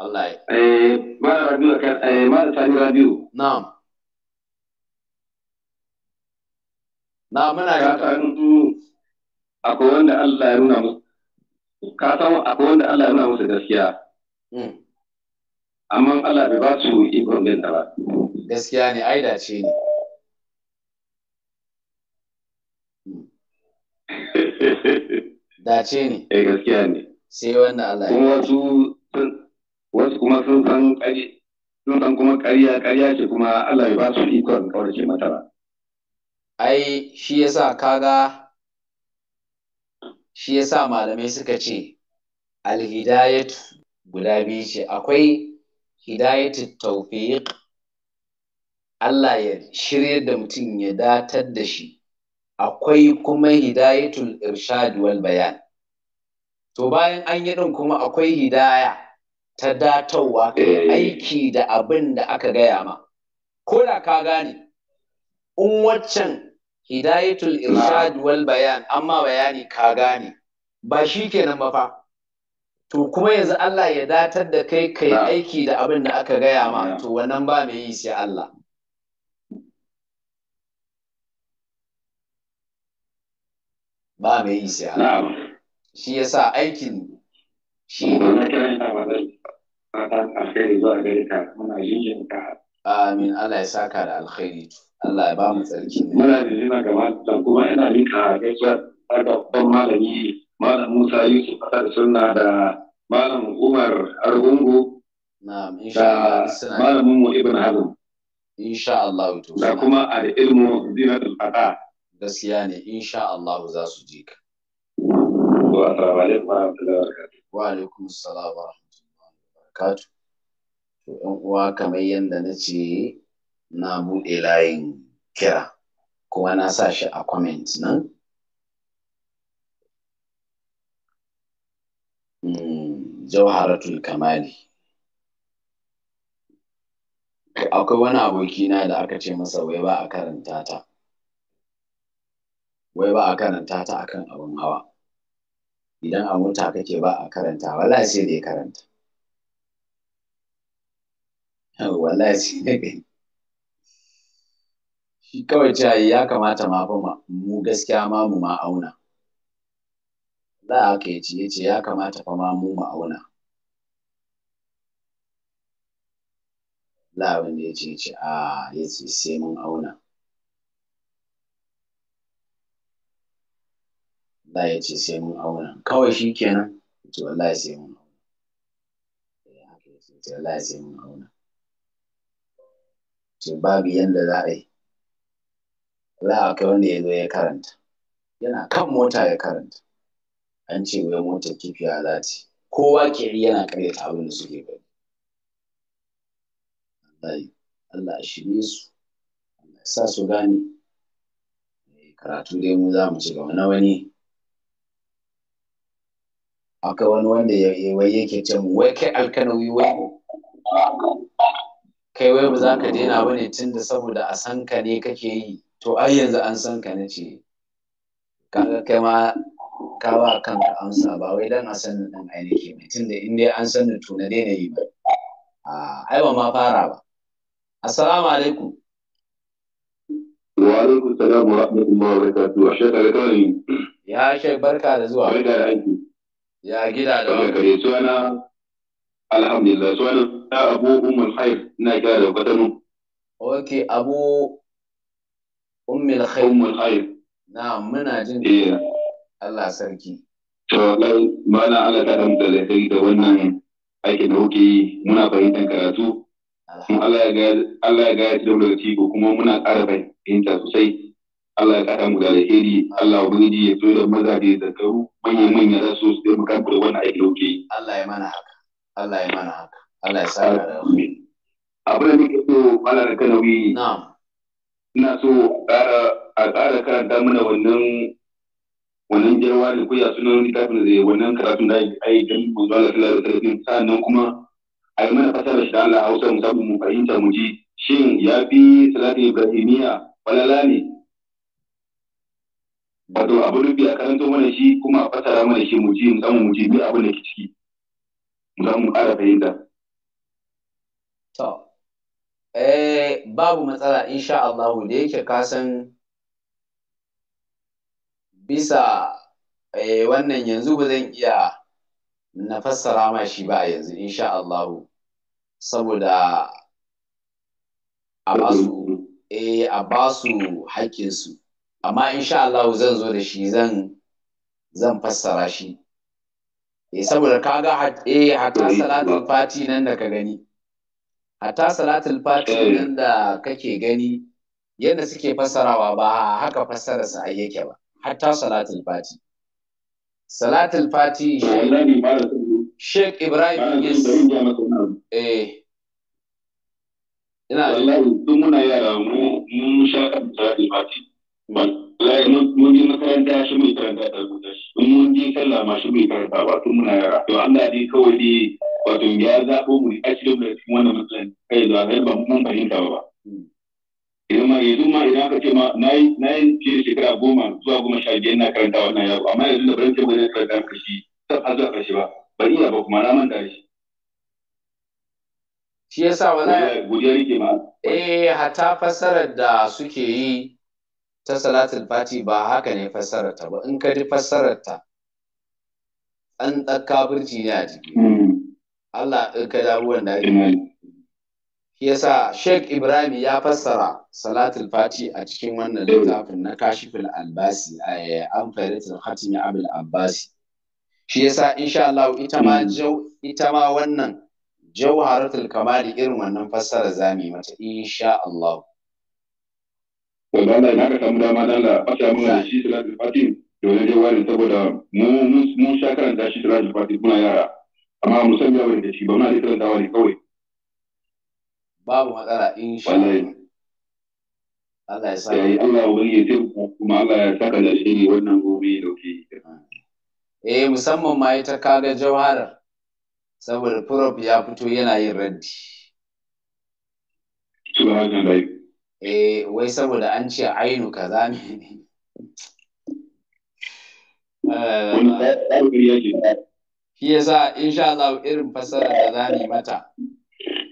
Allah ya eh ma radio kan eh ma sani radio na'am na muna ga yi du akwai wanda Allah ya nuna mu ka san akwai wanda Allah ya nuna musu gaskiya hmm. amma Allah bai ba su ikon bin ba gaskiya ne ai dace ne dace ne [LAUGHS] eh gaskiya ne sai wannan Allah kuma wasu wasu kuma sun san ƙari sun san kuma ƙarya ƙarya ce kuma Allah ya ba su ikon kaurace mata ba ai shi yasa kaga shi yasa malamai suka ce alhidayatu guda biyu ce akwai hidayatu tawfiq Allah ya shirya da mutum ya datar da shi akwai kuma hidayatul irshad wal bayan to bayan an yi din kuma akwai hidaya ta datarwa eh. aiki da abin da aka gaya ma ko da ka gane in waccan hidayatul irshad wal bayan amma bayani ka gane ba shi kenan ba fa to kuma yanzu Allah ya datar da kai kai aiki da abin da aka gaya ma to wannan ba mai yi sai Allah ba mai yi sai Allah shi yasa aikin shi ne fatan alkhairi zuwa gare ka muna jinjin ka amin Allah ya saka da alkhairi Allah ya ba mu tsarki muna da jina gaba da kuma ina mika gaisuwa da babban malami malam Musa Yusuf Asad Sunna da malam Umar Argungu na'am insha Allah malamin mu Ibn Hazm insha Allah to da kuma al-ilmu zinatul fata gaskiya ne insha Allah za su ji ka wa alaikum wa wa rahmatullahi to ɗan uwa kamar yadda na ce na buɗe layin kira kuma na sa shi a comment nan hmm, jawharatul kamali akwai wani abokina da aka ce masa wai ba a karanta ta wai ba a karanta ta akan abin hawa idan a mota kake ba a karanta wallahi sai da ya karanta wallahi sai dai gani shi kawai cewa ya kamata ma fa mu gaskiya ma mu ma auna wallahi haka yace yace ya kamata fa ma mu ma auna Allah wanda yace yace a ah, yace sai mun auna Allah ya ce sai mun auna kawai shi kenan ce wallahi sai mun auna eh, haka ya ce wallahi sai mun auna to babu yanda za a yi za a kai wanda ya zo ya karanta yana kan mota ya karanta an ce wai motar kifiya za ta kowa ke yana karyata abin da suke bari wallahi Allah ya shirye su Allah ya sa su gane eh, karatu dai mu za mu ci gaba na wani akwai wani wanda ya wai yake ce mu wai kai alkanawi wai kai wai ba za ka daina ba ne tun da saboda a san ka ne kake yi to ai yanzu an san ka na ce kaga kai ma ka ba kanka amsa ba wai dan a san ni dan ai nake mai tun da in dai an san ni to na daina yi ba a ai ba ma fara ba assalamu alaikum wa alaikum salam wa rahmatullahi wa barakatuh shekara kawai ya shek barka da zuwa barka da aiki Ya gida da wani kare suna alhamdulillah suna na abu umul khair na gida da kwatano. Ok abu umul khair. Umul khair. Na muna jin eh. Allah sarki. To na Allah ta damta da kai da wannan aikin da kuke yi muna fahimtar karatu. Allah ya ga Allah ya ga ya ci da lokaci ko kuma muna ƙara fahimta sosai. Allah ya kada mu da alheri Allah ubangiji ya zo da mazaje da garu manya manya da su su taimaka da wannan aiki dauke Allah ya mana haka Allah ya mana haka Allah ya sa da mu abin da nake so Allah da kanawi na'am ina so a ƙara karanta mana wannan wannan jarwa da kuya sunan littafin da wannan karatun da ai dan manzo Allah da alaihi wasallam sannan kuma a yi mana fasara shi da Allah Hausa mu samu mu fahimta mu ji shin ya fi salatin ibrahimiya falala ne wato abu rufi a karanto mana shi kuma a fasara mana shi mu ji mu samu mu ji duk abin da ke ciki mu samu mu ƙara fahimta to eh babu matsala insha Allah da yake ka san bisa eh wannan yanzu ba zan iya na fassara ma shi ba yanzu insha Allah saboda a basu eh a basu haƙƙinsu amma insha Allah zan zo da shi zan zan fassara shi eh saboda kaga eh hatta salatul fati nan da ka gani hatta salatul fati eh. nan da kake gani yadda suke fassarawa ba haka fassara sa ai yake ba hatta salatul fati salatul fati Sheikh Ibrahim yes eh ina wallahi duk muna yara mu mun sha salatul fati wallahi mun je makaranta shi mai karanta ta shi mun je sallah ma shi mai karanta ba tun muna yara to Allah dai kawai dai wato ya zaɓo mu a cikin da cikin wannan matsalan kai da kai ba mun fahimta ba idan ma yanzu ma idan aka ce ma na yi na ce shekara goma zuwa goma sha biyar na karanta wannan yaro amma yanzu da barin ce ba zai karanta kashi har zuwa kashi ba ba iya ba kuma na manta shi shi yasa wala godiya rike ma eh hatta fasarar da suke yi ta salatul fati ba haka ne fassararta ba in ka ji fassararta an kafirci ne a jiki hmm. Allah in ka dawo wanda ake shi yasa Sheikh Ibrahim ya fassara salatul fati a cikin wannan littafin na kashifin albasi a eh, an faritul khatimi abul abbasi shi yasa insha Allah ita ma hmm. ita ma wannan jawharatul kamali irin wannan fassara zamu mata insha Allah wanda Allah ya samu dama dan Allah fata mun da shi salatul fatim dole dai wani saboda mu mun sha karanta shi salatul fatin muna yara amma mu san yawa da shi ba muna da karantawa ne kawai babu matsala in sha. Allah ya sa ya Allah ya ce kuma Allah ya saka da shi wannan gobe da kuke eh musamman ma ita kaga jawarar saboda prof ya fito yana yin raddi subhanallah eh wai saboda an ce ainu za ne [LAUGHS] eh, shi yasa insha Allah irin fassara da za mu mata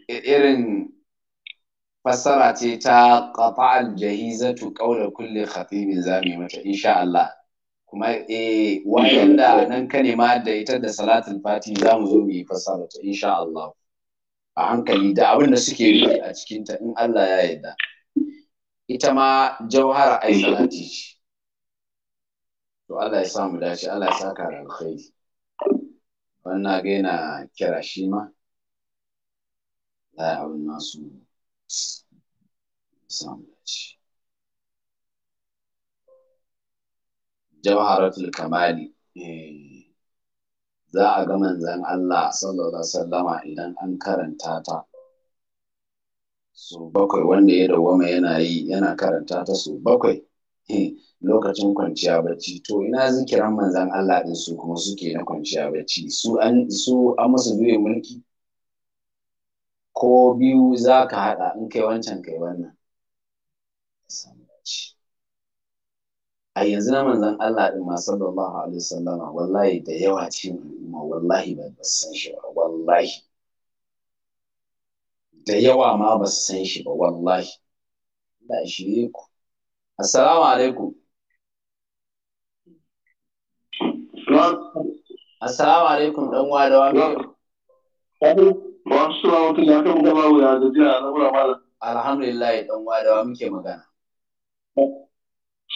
irin fassara ce ta ƙafa aljahizatu qawla kulle khatibin za mu yi mata insha Allah kuma eh wayanda nan ka nema da ita da salatul fati za mu zo mu yi fassara ta insha Allah a hankali da abin da suke yi a cikinta in Allah ya yarda ita ma jauhar ai salati ce to Allah ya sa mu dace Allah ya ka da alkhairi wannan ga yana kira shi ma ya abun nasu samu dace jawharatul kamali eh, za a ga manzan Allah sallallahu alaihi wasallama idan an karanta ta su bakwai wanda ya dawwama yana yi yana karanta ta su bakwai lokacin kwanciya bacci to ina zikiran manzan Allah din su kuma suke na kwanciya bacci su an su an musu duye mulki ko biyu za ka haɗa in kai wancan kai wannan a yanzu na manzan Allah din ma sallallahu alaihi wasallama wallahi da yawa cikin ma wallahi ba san shi wallahi da yawa ma ba su san shi ba wallahi Allah shirye ku assalamu alaikum assalamu alaikum dan wa da wani Wasu wa mutum ya kan gaba ya gaji a lamura mala. Alhamdulillah dan wa da muke magana.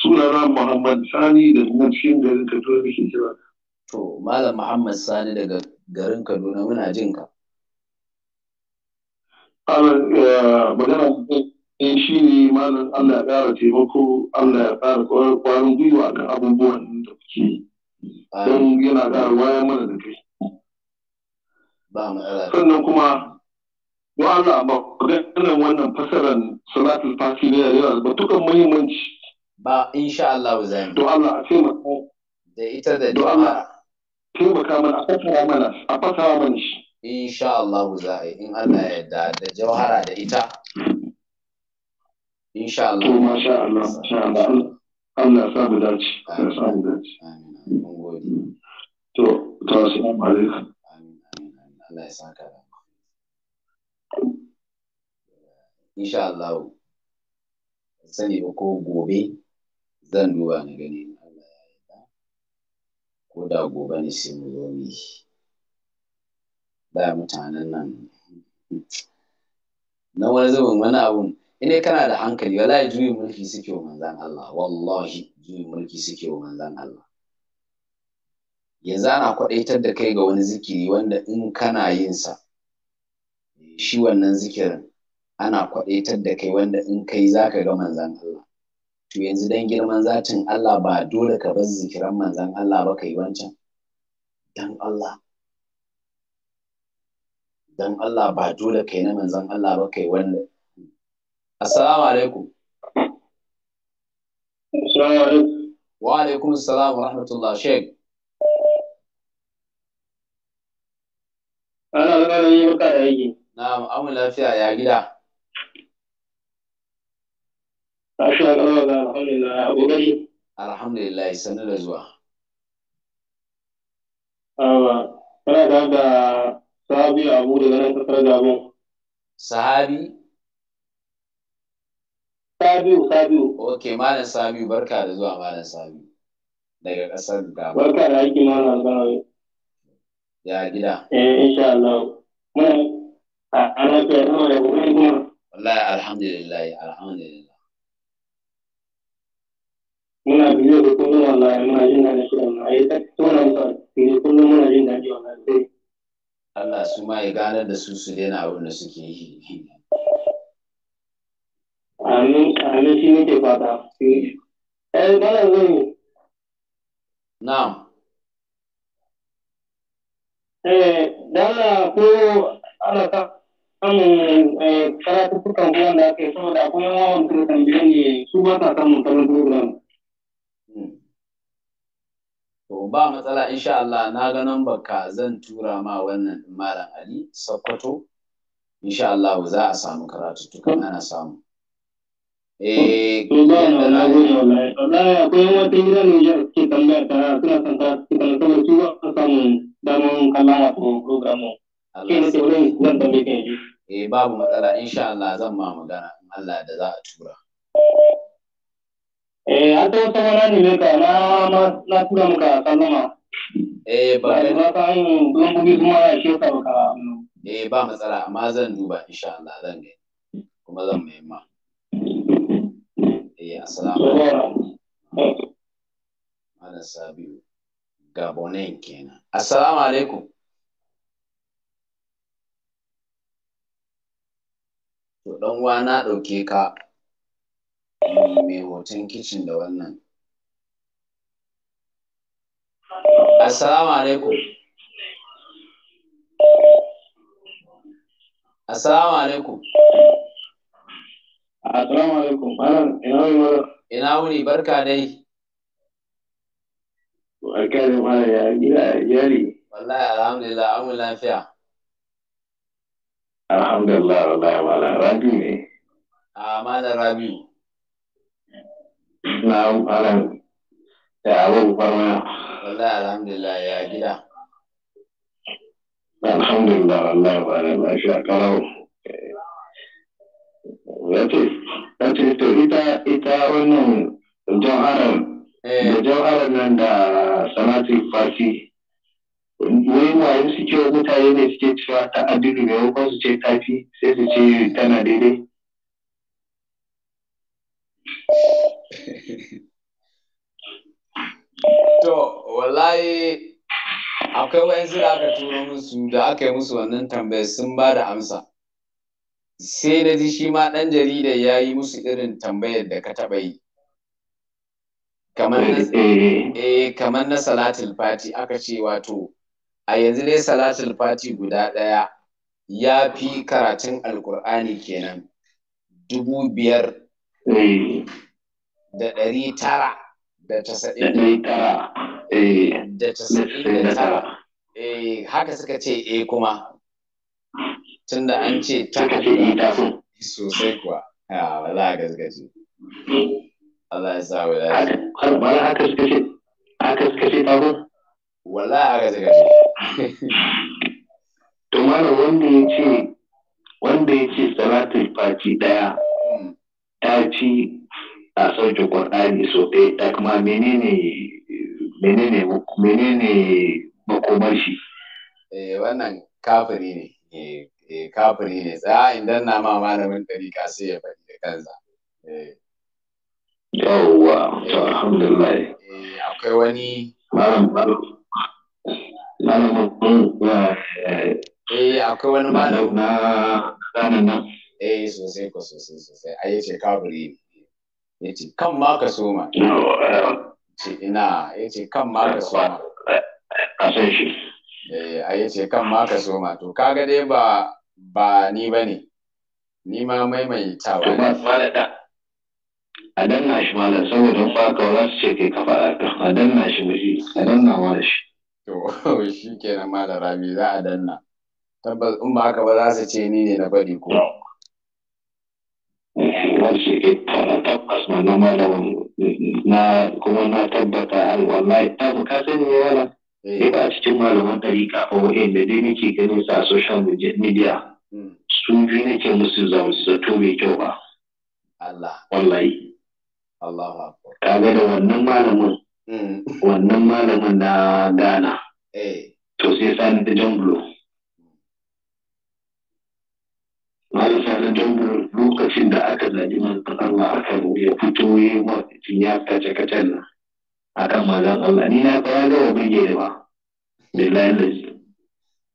Sunana Muhammad Sani da kuma cikin garin Kaduna muke kira. To Malam Muhammad Sani daga garin Kaduna muna jin ka. magana in shi ne malam Allah ya ƙara taimako Allah ya ƙara ƙwarin gwiwa kan abubuwan da kuke don yana ƙara waya mana da kai sannan kuma don Allah maganar wannan fasaran salatul fati ne yana da matukan muhimmanci ba insha Allah za mu don Allah a taimaka da ita da don Allah taimaka mana a fasara mana a mana shi insha Allah za a yi in Allah ya yarda da jawhara da ita insha Allah masha Allah masha Allah Allah sa mu dace Allah sa mu dace amin amin gode to to assalamu alaikum amin amin Allah ya saka da insha Allah sani ba ko gobe zan duba na gani Allah ya yarda ko da gobe ne sai mu zo mu yi Baya mutanen nan na wani zubin wani abun in kana da hankali wala juyin mulki suke wa manzan Allah wallahi juyin mulki suke wa manzan Allah yanzu ana kwadaitar da kai ga wani zikiri wanda in kana yin sa shi wannan zikirin ana kwaɗaitar da kai wanda in kai zaka ga manzan Allah to yanzu dan girman zatin Allah ba dole ka bar zikiran manzan Allah ba kai wancan dan Allah dan Allah ba dole kai na manzon Allah ba kai wannan assalamu alaikum assalamu wa alaikum assalam wa rahmatullah sheik ana zama yi maka da yi. na'am amu lafiya ya gida Asha gaba ga alhamdulillah alhamdulillah da zuwa awa kana da sahabi abu daga nan kasar gabon sahabi sabiu sabiu ok malam sabiu barka da zuwa malam sabiu daga kasar gabon barka da aiki malam ganawe ya gida eh insha Allah muna a lafiya sama da kuma kuma wallahi alhamdulillah alhamdulillah muna biyo da kullum wallahi muna jin daɗin shirin a yi ta tona musa ne kullum muna jin daɗi wallahi Allah su ma ya ganar da su su daina abin da suke yi. Amin, amin shi nake fata. Eh, malam zan yi. Na'am. Eh, dala ko ta samun eh, kukan buwan da ake saboda akwai yawan turkan biyan ne su ba ta samun karatuttukan. To ba matsala insha Allah na ga nan ka zan tura ma wannan Malam Ali Sokoto. Insha Allah za a samu karatu to tukan ana samu. Eh, to ba na gode wallahi. Wallahi akwai wata gidan ya ke tambaya ta suna san ta su kan saboda su ba samu damar kallon wato program mu. Ke ne sai zan tambaye ka yanzu. Eh babu matsala insha Allah zan ma magana Allah da za a tura. Eh, hata wata wana nimeka ba ka ka ba matsala amma zan duba insha Allah zan ga. Kuma zan mai ma. Eh, assalamu alaikum. Malam Sabiu. Gabonen kenan. Assalamu alaikum. To dan uwa na dauke ka mai hoton kicin da wannan. Assalamu alaikum. Assalamu alaikum. Assalamu alaikum. Ina wuni Ina wuni barka dai. Barka da mara ya gida yari. Wallahi alhamdulillah an lafiya. Alhamdulillah wallahi wala rabi ne. A ah, malam Rabi'u. Na'am alam da abin farma. Wallahi alhamdulillah ya gida. Alhamdulillah ba Wace to ita ita wannan jam'arar eh. da jam'arar nan da sanatin fasi wai wayan suke mutane ne suke cewa ta addini maimakon su ce tafi sai su ce tana daidai. wallahi akwai wa'yansu da aka turo musu da aka yi musu wannan tambayar sun ba da amsa sai na ji shi ma ɗan jaridar ya yi musu irin tambayar da ka taɓa yi kamar na eh, eh. Eh, salatul fati aka ce wato a yanzu dai salatul fati guda ɗaya ya fi karatun alkur'ani kenan dubu biyar da ɗari tara da tasa'in da tara Eh, da da tara eh, eh, haka suka ce e kuma tunda an ce ta sosai kuwa Ya, za a gaskace Allah ya sa wa ya ce. za a gaskace a gaskace ta ko wala a gaskace to wanda ya ce wanda ya ce salatul faci daya hmm. ta ci a sauke qur'ani so ɗaya ta kuma menene menene menene makomar shi eh wannan kafiri ne eh, eh kafiri ne A idan na ma malamin dariƙa sai ya faɗi da kansa eh yawwa to eh, alhamdulillah eh akwai wani Malam eh, eh akwai wani malam na nan eh sosai ko sosai sosai ai kafiri ne yace kan ma ka soma ce ina kan ma ka soma a san shi eh, a ya ce kan ma ka soma to kaga dai ba ba ni bane ni ma maimaitawa ne a danna shi malam saboda ba ka za su ce kai ka faɗa ka a danna shi miji a danna ma da shi to [LAUGHS] shi kenan ma da rabi za a danna tabbas in ba haka ba za su ce ni ne na faɗi ko harshe ita tabbas na na malamin na kuma na tabbata wallahi ta ka sani ne wala sai eh. ba cikin malaman ɗariƙa ko wa'anda dai nake ganin sa a social media hmm. su biyu nake musu zato mai kyau ba Allah wallahi Allahu akbar kaga da wannan malamin hmm. wannan malamin na Ghana eh. to sai sa ni da John Blow malam na dambu lokacin da aka zaɓi manzon Allah a kan ya fito ya yi cikin ya kace kacen nan a kan manzon Allah ni na ya gama burge ne ba da lazi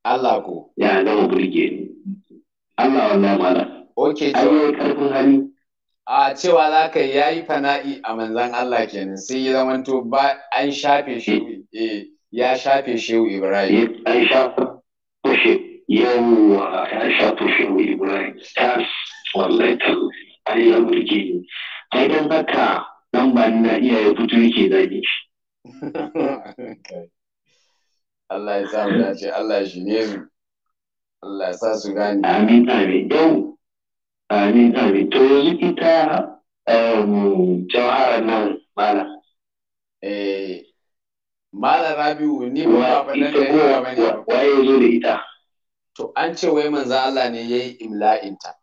Allah ko ya gama burge ne Allah wallahi mana ok ai yayi karfin hali a cewa za ka ya yi fana'i a manzan Allah kenan sai ya to ba an shafe shehu eh, ya shafe shehu Ibrahim an shafe shehu yawwa ya shafi shehu ibrahim stars wallahi ai ya burge ni ai dan haka nan ba na iyaye fito yake zage shi [LAUGHS] Allah ya sa mu dace Allah ya shine mu Allah ya sa su gane amin amin yau amin amin to yanzu ita jawharar nan malam eh malam rabiu ni ba ba nan da ba ne waye zo da ita to an ce wai manzan Allah ne ya yi imla'inta.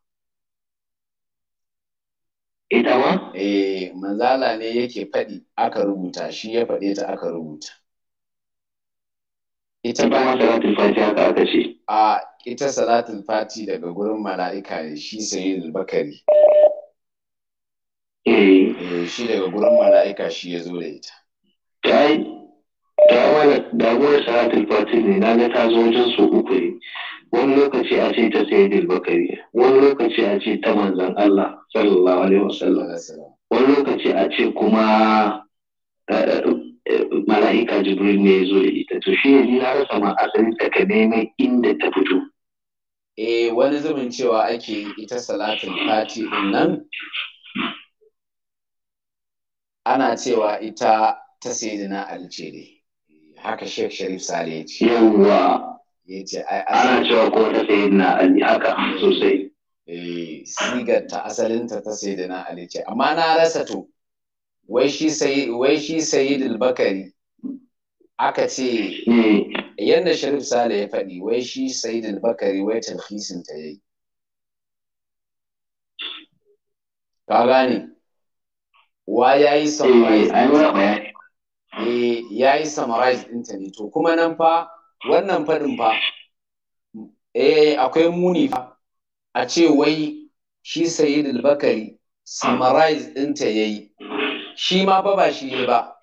Ita wa? Eh, manzan Allah ne yake faɗi aka rubuta, shi ya faɗe ta aka rubuta. Ita ba salatul fati haka aka ce. A ita salatul fati daga gurin mala'ika ne shi sayi bakari. Eh. eh. shi daga gurin mala'ika shi ya zo da ita. Ta yi, ta wani damuwar salatul fati ne, na ga ta zo wajen su uku ne. wani lokaci a ce ta da bakari wani lokaci a ce ta manzan Allah sallallahu alaihi wasallam wani lokaci a ce kuma eh, mala'ika jibril ne ya zo da ita to shi yanzu na rasa ma asalin neman inda ta fito eh wani zubin cewa ake ita salatin fati din nan ana cewa ita ta sayyidina alce ne haka Sheikh Sharif Sale ya ce yawwa ya ce ana cewa ko ta sayi na ali haka sosai eh, sigar ta asalinta ta sayi na ali ce amma na rasa to wai shi sayi wai shi sayi bakari aka ce eh. yadda sharif sale ya faɗi wai shi sayi bakari wai talhisin ta yayi ka gane wa ya yi eh, summarize ya yi summarize ɗinta ne to kuma nan fa wannan faɗin fa eh akwai muni fa a ce wai shi al bakari summarize ɗinta ya yi shi ma fa ba shi ne ba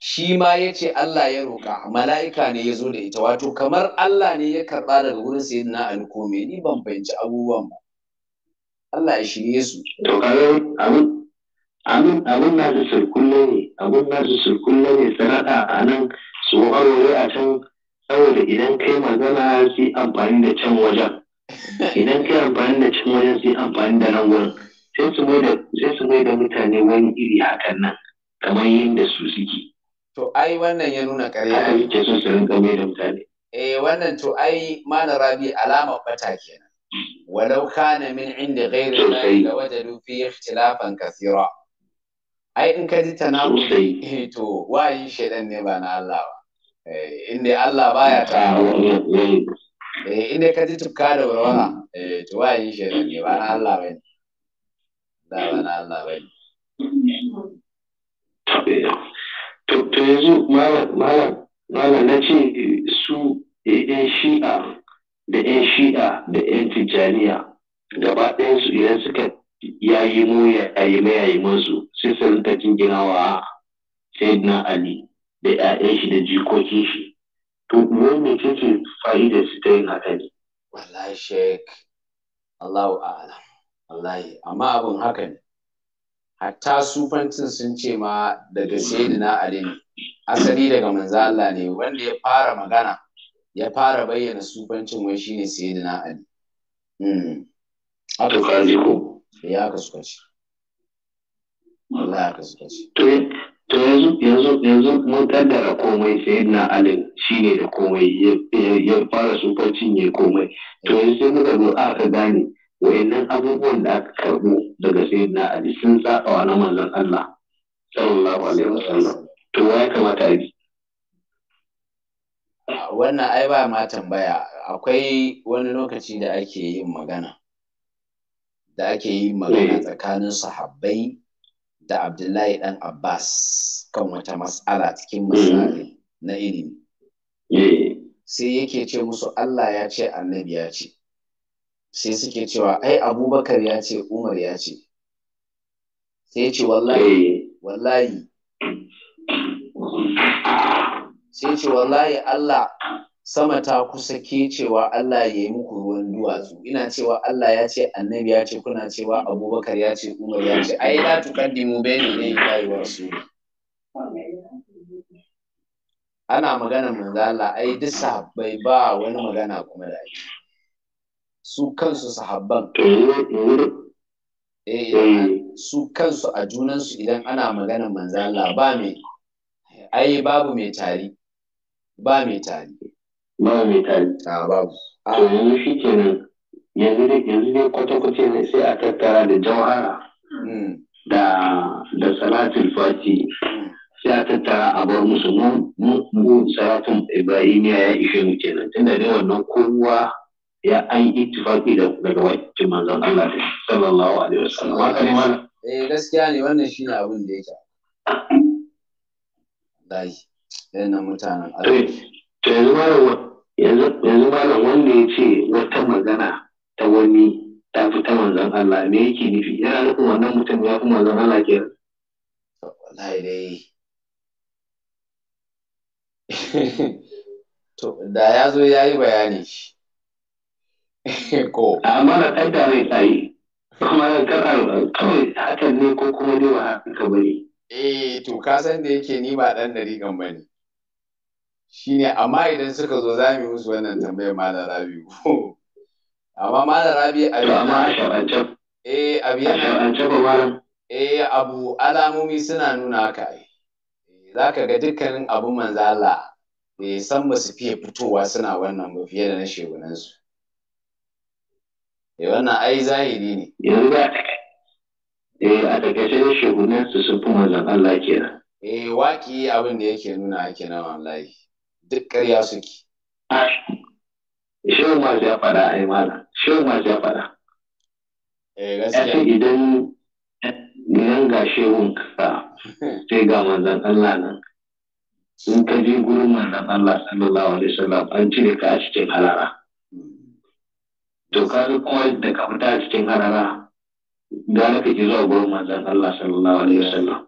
shi ma ya ce Allah ya roƙa mala'ika ne ya zo da ita wato kamar Allah ne ya karɓa daga wurin sayyidina na kome ni ban fahimci abubuwan ba Allah ya shirye su to abin abin na su ne abin na su ne sanada a nan su warware a can saboda idan kai magana sai yi amfani da can wajen idan kai amfani da can wajen sai yi amfani da nan wurin sai su mai da mutane wani iri hakan nan kamar yadda su suke to ai wannan ya nuna ƙarya haka yake so su rinka mai da mutane eh wannan to ai mana rabi alama bata kenan walau kana min inda ghairi lillahi la wajadu fi ikhtilafan kathira ai in ka ji tanaqudi eh, to wayin shedan ne ba na Allah ba In eh, inda Allah baya ta eh inda ka ji tufka da warwara eh to wayin shi ne ba na Allah bane da ba na Allah bane to to yanzu malam malam na ce su eh, yan shi'a da yan shi'a da yan tijjaniya gaba ɗayan su idan suka yayi mu yayi mai yayi musu sai su rinka jinginawa sayyidina ali da 'ya'yan shi da jikokin shi to mu ne kike fa'idar su ta yin haka ne wallahi shek Allahu a'lam wallahi amma abin haka ne hatta sufancin sun ce ma daga sayyidina Ali ne asali daga manzo Allah ne wanda ya fara magana ya fara bayyana sufancin wai shine sayyidina Ali mm haka ka ji ko ya eh, haka suka ce wallahi haka suka ce to yanzu yanzu yanzu mun kaddara komai sai na alin shine da komai ya fara sukar cinye komai to yanzu sai muka zo a ka gane wayannan abubuwan da aka karbo daga na ali sun saba wa na manzon Allah sallallahu alaihi wasallam to ya kamata a bi wannan ai ba ma tambaya akwai wani lokaci da ake yin magana da ake yin magana eh. tsakanin sahabbai da Abdullahi ɗan Abbas kan wata mas'ala cikin eh. misali na ilimi. Eh. Sai yake ce musu Allah ya ce annabi ya ce, sai suke cewa ai abubakar ya ce Umar ya ce, sai ce wallahi, eh. wallahi, sai ce wallahi Allah sama ta kusa ke cewa Allah ya yi muku ruwan duwatsu ina cewa Allah ya ce annabi ya ce kuna cewa abubakar ya ce umar ya ce ai la tuqaddimu bayna ne yi wa su. ana magana manzala. ai duk sahabbai ba wani magana kuma da ake su kansu sahabban eh su kansu a junansu idan ana magana manzala ba mai, ai babu mai tari ba mai tari ba mai tari a ah, babu to ah. yanzu shi kenan yanzu dai yanzu dai kwata-kwata ne sai a tattara da jawhara hmm. da da salatul fati hmm. sai a tattara a bar musu mu mu salatul ibrahimiya ya ishe mu kenan tunda dai wannan kowa ya an ittifaqi da daga wajen manzon Allah da sallallahu alaihi wasallam haka ne mana eh gaskiya ne wannan shi ne abin da yake dai yana mutanen Allah to yanzu mana yanzu malam wanda ya ce wata magana ta wani ta fi ta manzan Allah me yake nufi yana nufin wannan mutum ya fi manzan Allah ke wallahi dai [LAUGHS] to da ya zo ya yi bayani shi [LAUGHS] ko amma na ɗan da mai tsayi kuma kar kawai hakan ne ko kuma dai ba haka bane eh to ka san da yake ni ba ɗan dariƙan bane shine amma idan suka zo za mu musu wannan tambayar malam rabi [LAUGHS] amma malam rabi amma eh abin eh abu alamomi suna nuna haka eh, za ka ga dukkanin abu manzala eh san ba su fiye fitowa suna wannan ba fiye da na shegunansu eh wannan ai zahiri ne yanzu eh a shegunan su sun fi manzan Allah kenan eh waki abin da yake nuna kenan wallahi duk ƙarya suke. Ah, shin ma ya faɗa a mala, shin ma ya faɗa. Eh idan nan ga shehun ka sai ga manzon Allah nan. In ka ji gurin manzan Allah sallallahu alaihi wasallam an cire ka a cikin halara. To ka ga kuma da ka fita a cikin halara, gane ka ki zuwa gurin manzon Allah sallallahu alaihi wasallam.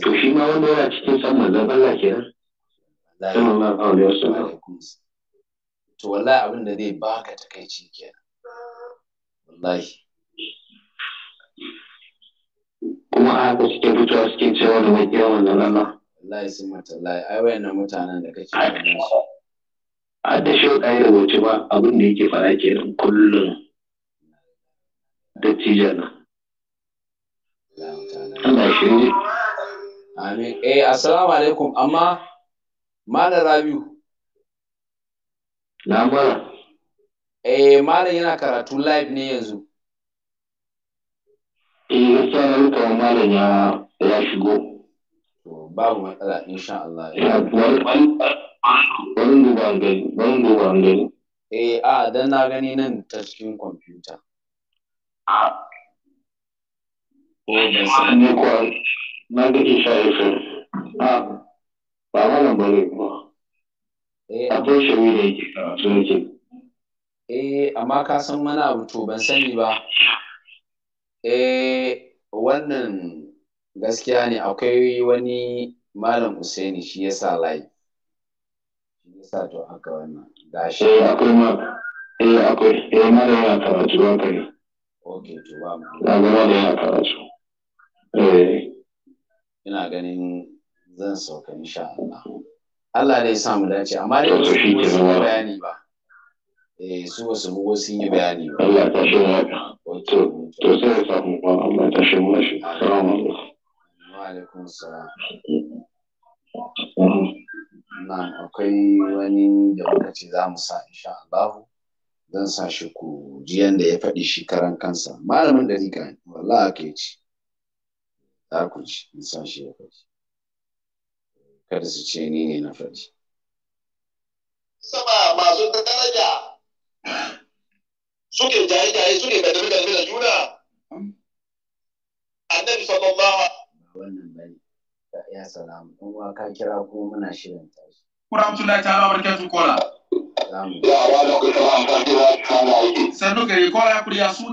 To shi ma wanda yana cikin san manzon Allah kenan. sallallahu alaihi wasallam to wallahi abin da zai baka takaici kenan wallahi kuma a haka suke fitowa suke cewa da mai yawan da lalla wallahi sun mata lai ai wayannan mutanen da kake ganin su a da shi da ya wuce ba abin da yake fara kenan kullum da tijana Allah shi Amin. Eh, assalamu alaikum. Amma Malam Rabiu. Na malam. Eh, malam yana karatu live ne yanzu. Eh, gaskiya na ruka wa ya ya shigo. Babu matsala insha Allah. Ya wani wani duba an gani, wani duba an Eh, a dan na gani nan ta cikin kwamfuta. Na ga insha Allah. ba malam ba ne kuma akwai shari'a da yake karatu yake eh amma ka san mana abu to ban sani ba eh wannan gaskiya ne akwai wani malam Usaini shi sa live ya sa to haka wannan gashi eh akwai ma eh akwai eh malam ya karatu haka ne okay to ba mu da ya karatu eh ina ganin zan sauka insha Allah Allah dai sa mu dace amma dai su yi bayani ba eh su ba su bugo sun yi bayani ba Allah ta shi mu to to sai sa mu ba Allah ta shi mu shi assalamu alaikum wa alaikum na akwai wani da muka ce za mu sa insha Allah zan sa shi ku ji yanda ya faɗi shi karan kansa malamin da rika wallahi ake ci za ku ci in sa shi ya faɗi kar su ce ni ne na faɗi. Sama masu daraja suke jaye-jaye suke gadar-gadar da juna. Annabi sallallahu Ba wannan bane. Ya salamu. In wa ka kira kuma muna shirin tashi. Kuramtula ta rawar kyautu kola. Sannu gari kola ya kuri ya su.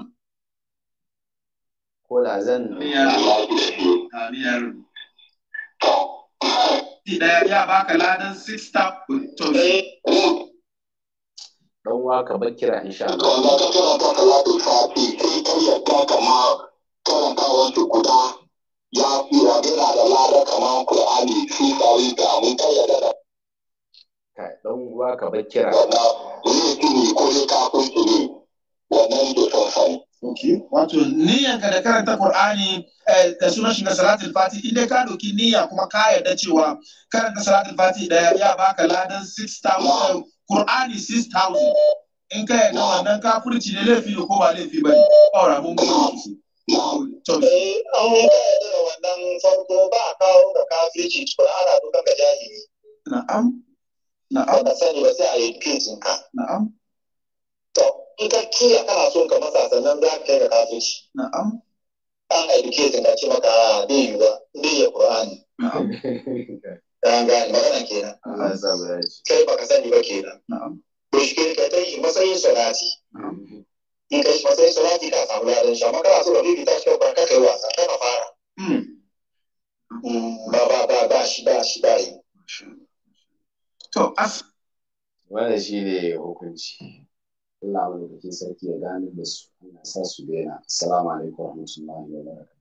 Kola zan. Amiyar. Amiyar. mufti daya ya baka ladan sista to shi eh. dan waka bakira insha Allah Allah ka kira ta salatu fati sai kai ya ta kama karanta wasu guda ya fi yana da lada kamar Qur'ani fi tsari da mun kai ka da kai dan waka bakira wannan ne ko ne kafin ne wannan da san okay wato niyan ka qur'ani eh, da sunan shi na al fati inda ka doki niyya kuma ka yarda cewa karanta al fati da ya baka ladan 6000 eh, qur'ani 6000 in ka yarda wannan ka furci ne laifi ko ba laifi ba ne ba ra mun to eh, wannan farko ba kawo da kafirci to ana dukan ka jahili na'am na'am sai a yi kinka na'am to ita ka ce ana son ka masa sannan za ka kai ka kafin shi na'am an education ka ce maka a ah, bai yi ba bai yi qur'ani na'am [LAUGHS] gane magana kenan kai baka sani ba kenan na'am to shi ka ta yi matsayin salati in ka yi matsayin salati ka samu ladan shi amma kana so da bibi ta shi ka ka kai wasa ka fara hmm. Hmm, ba ba ba ba shi ba shi ba yi to as wannan shi ne hukunci Allah wani sarki ya gane da su Allah sa su daina assalamu alaikum wa barakatuh.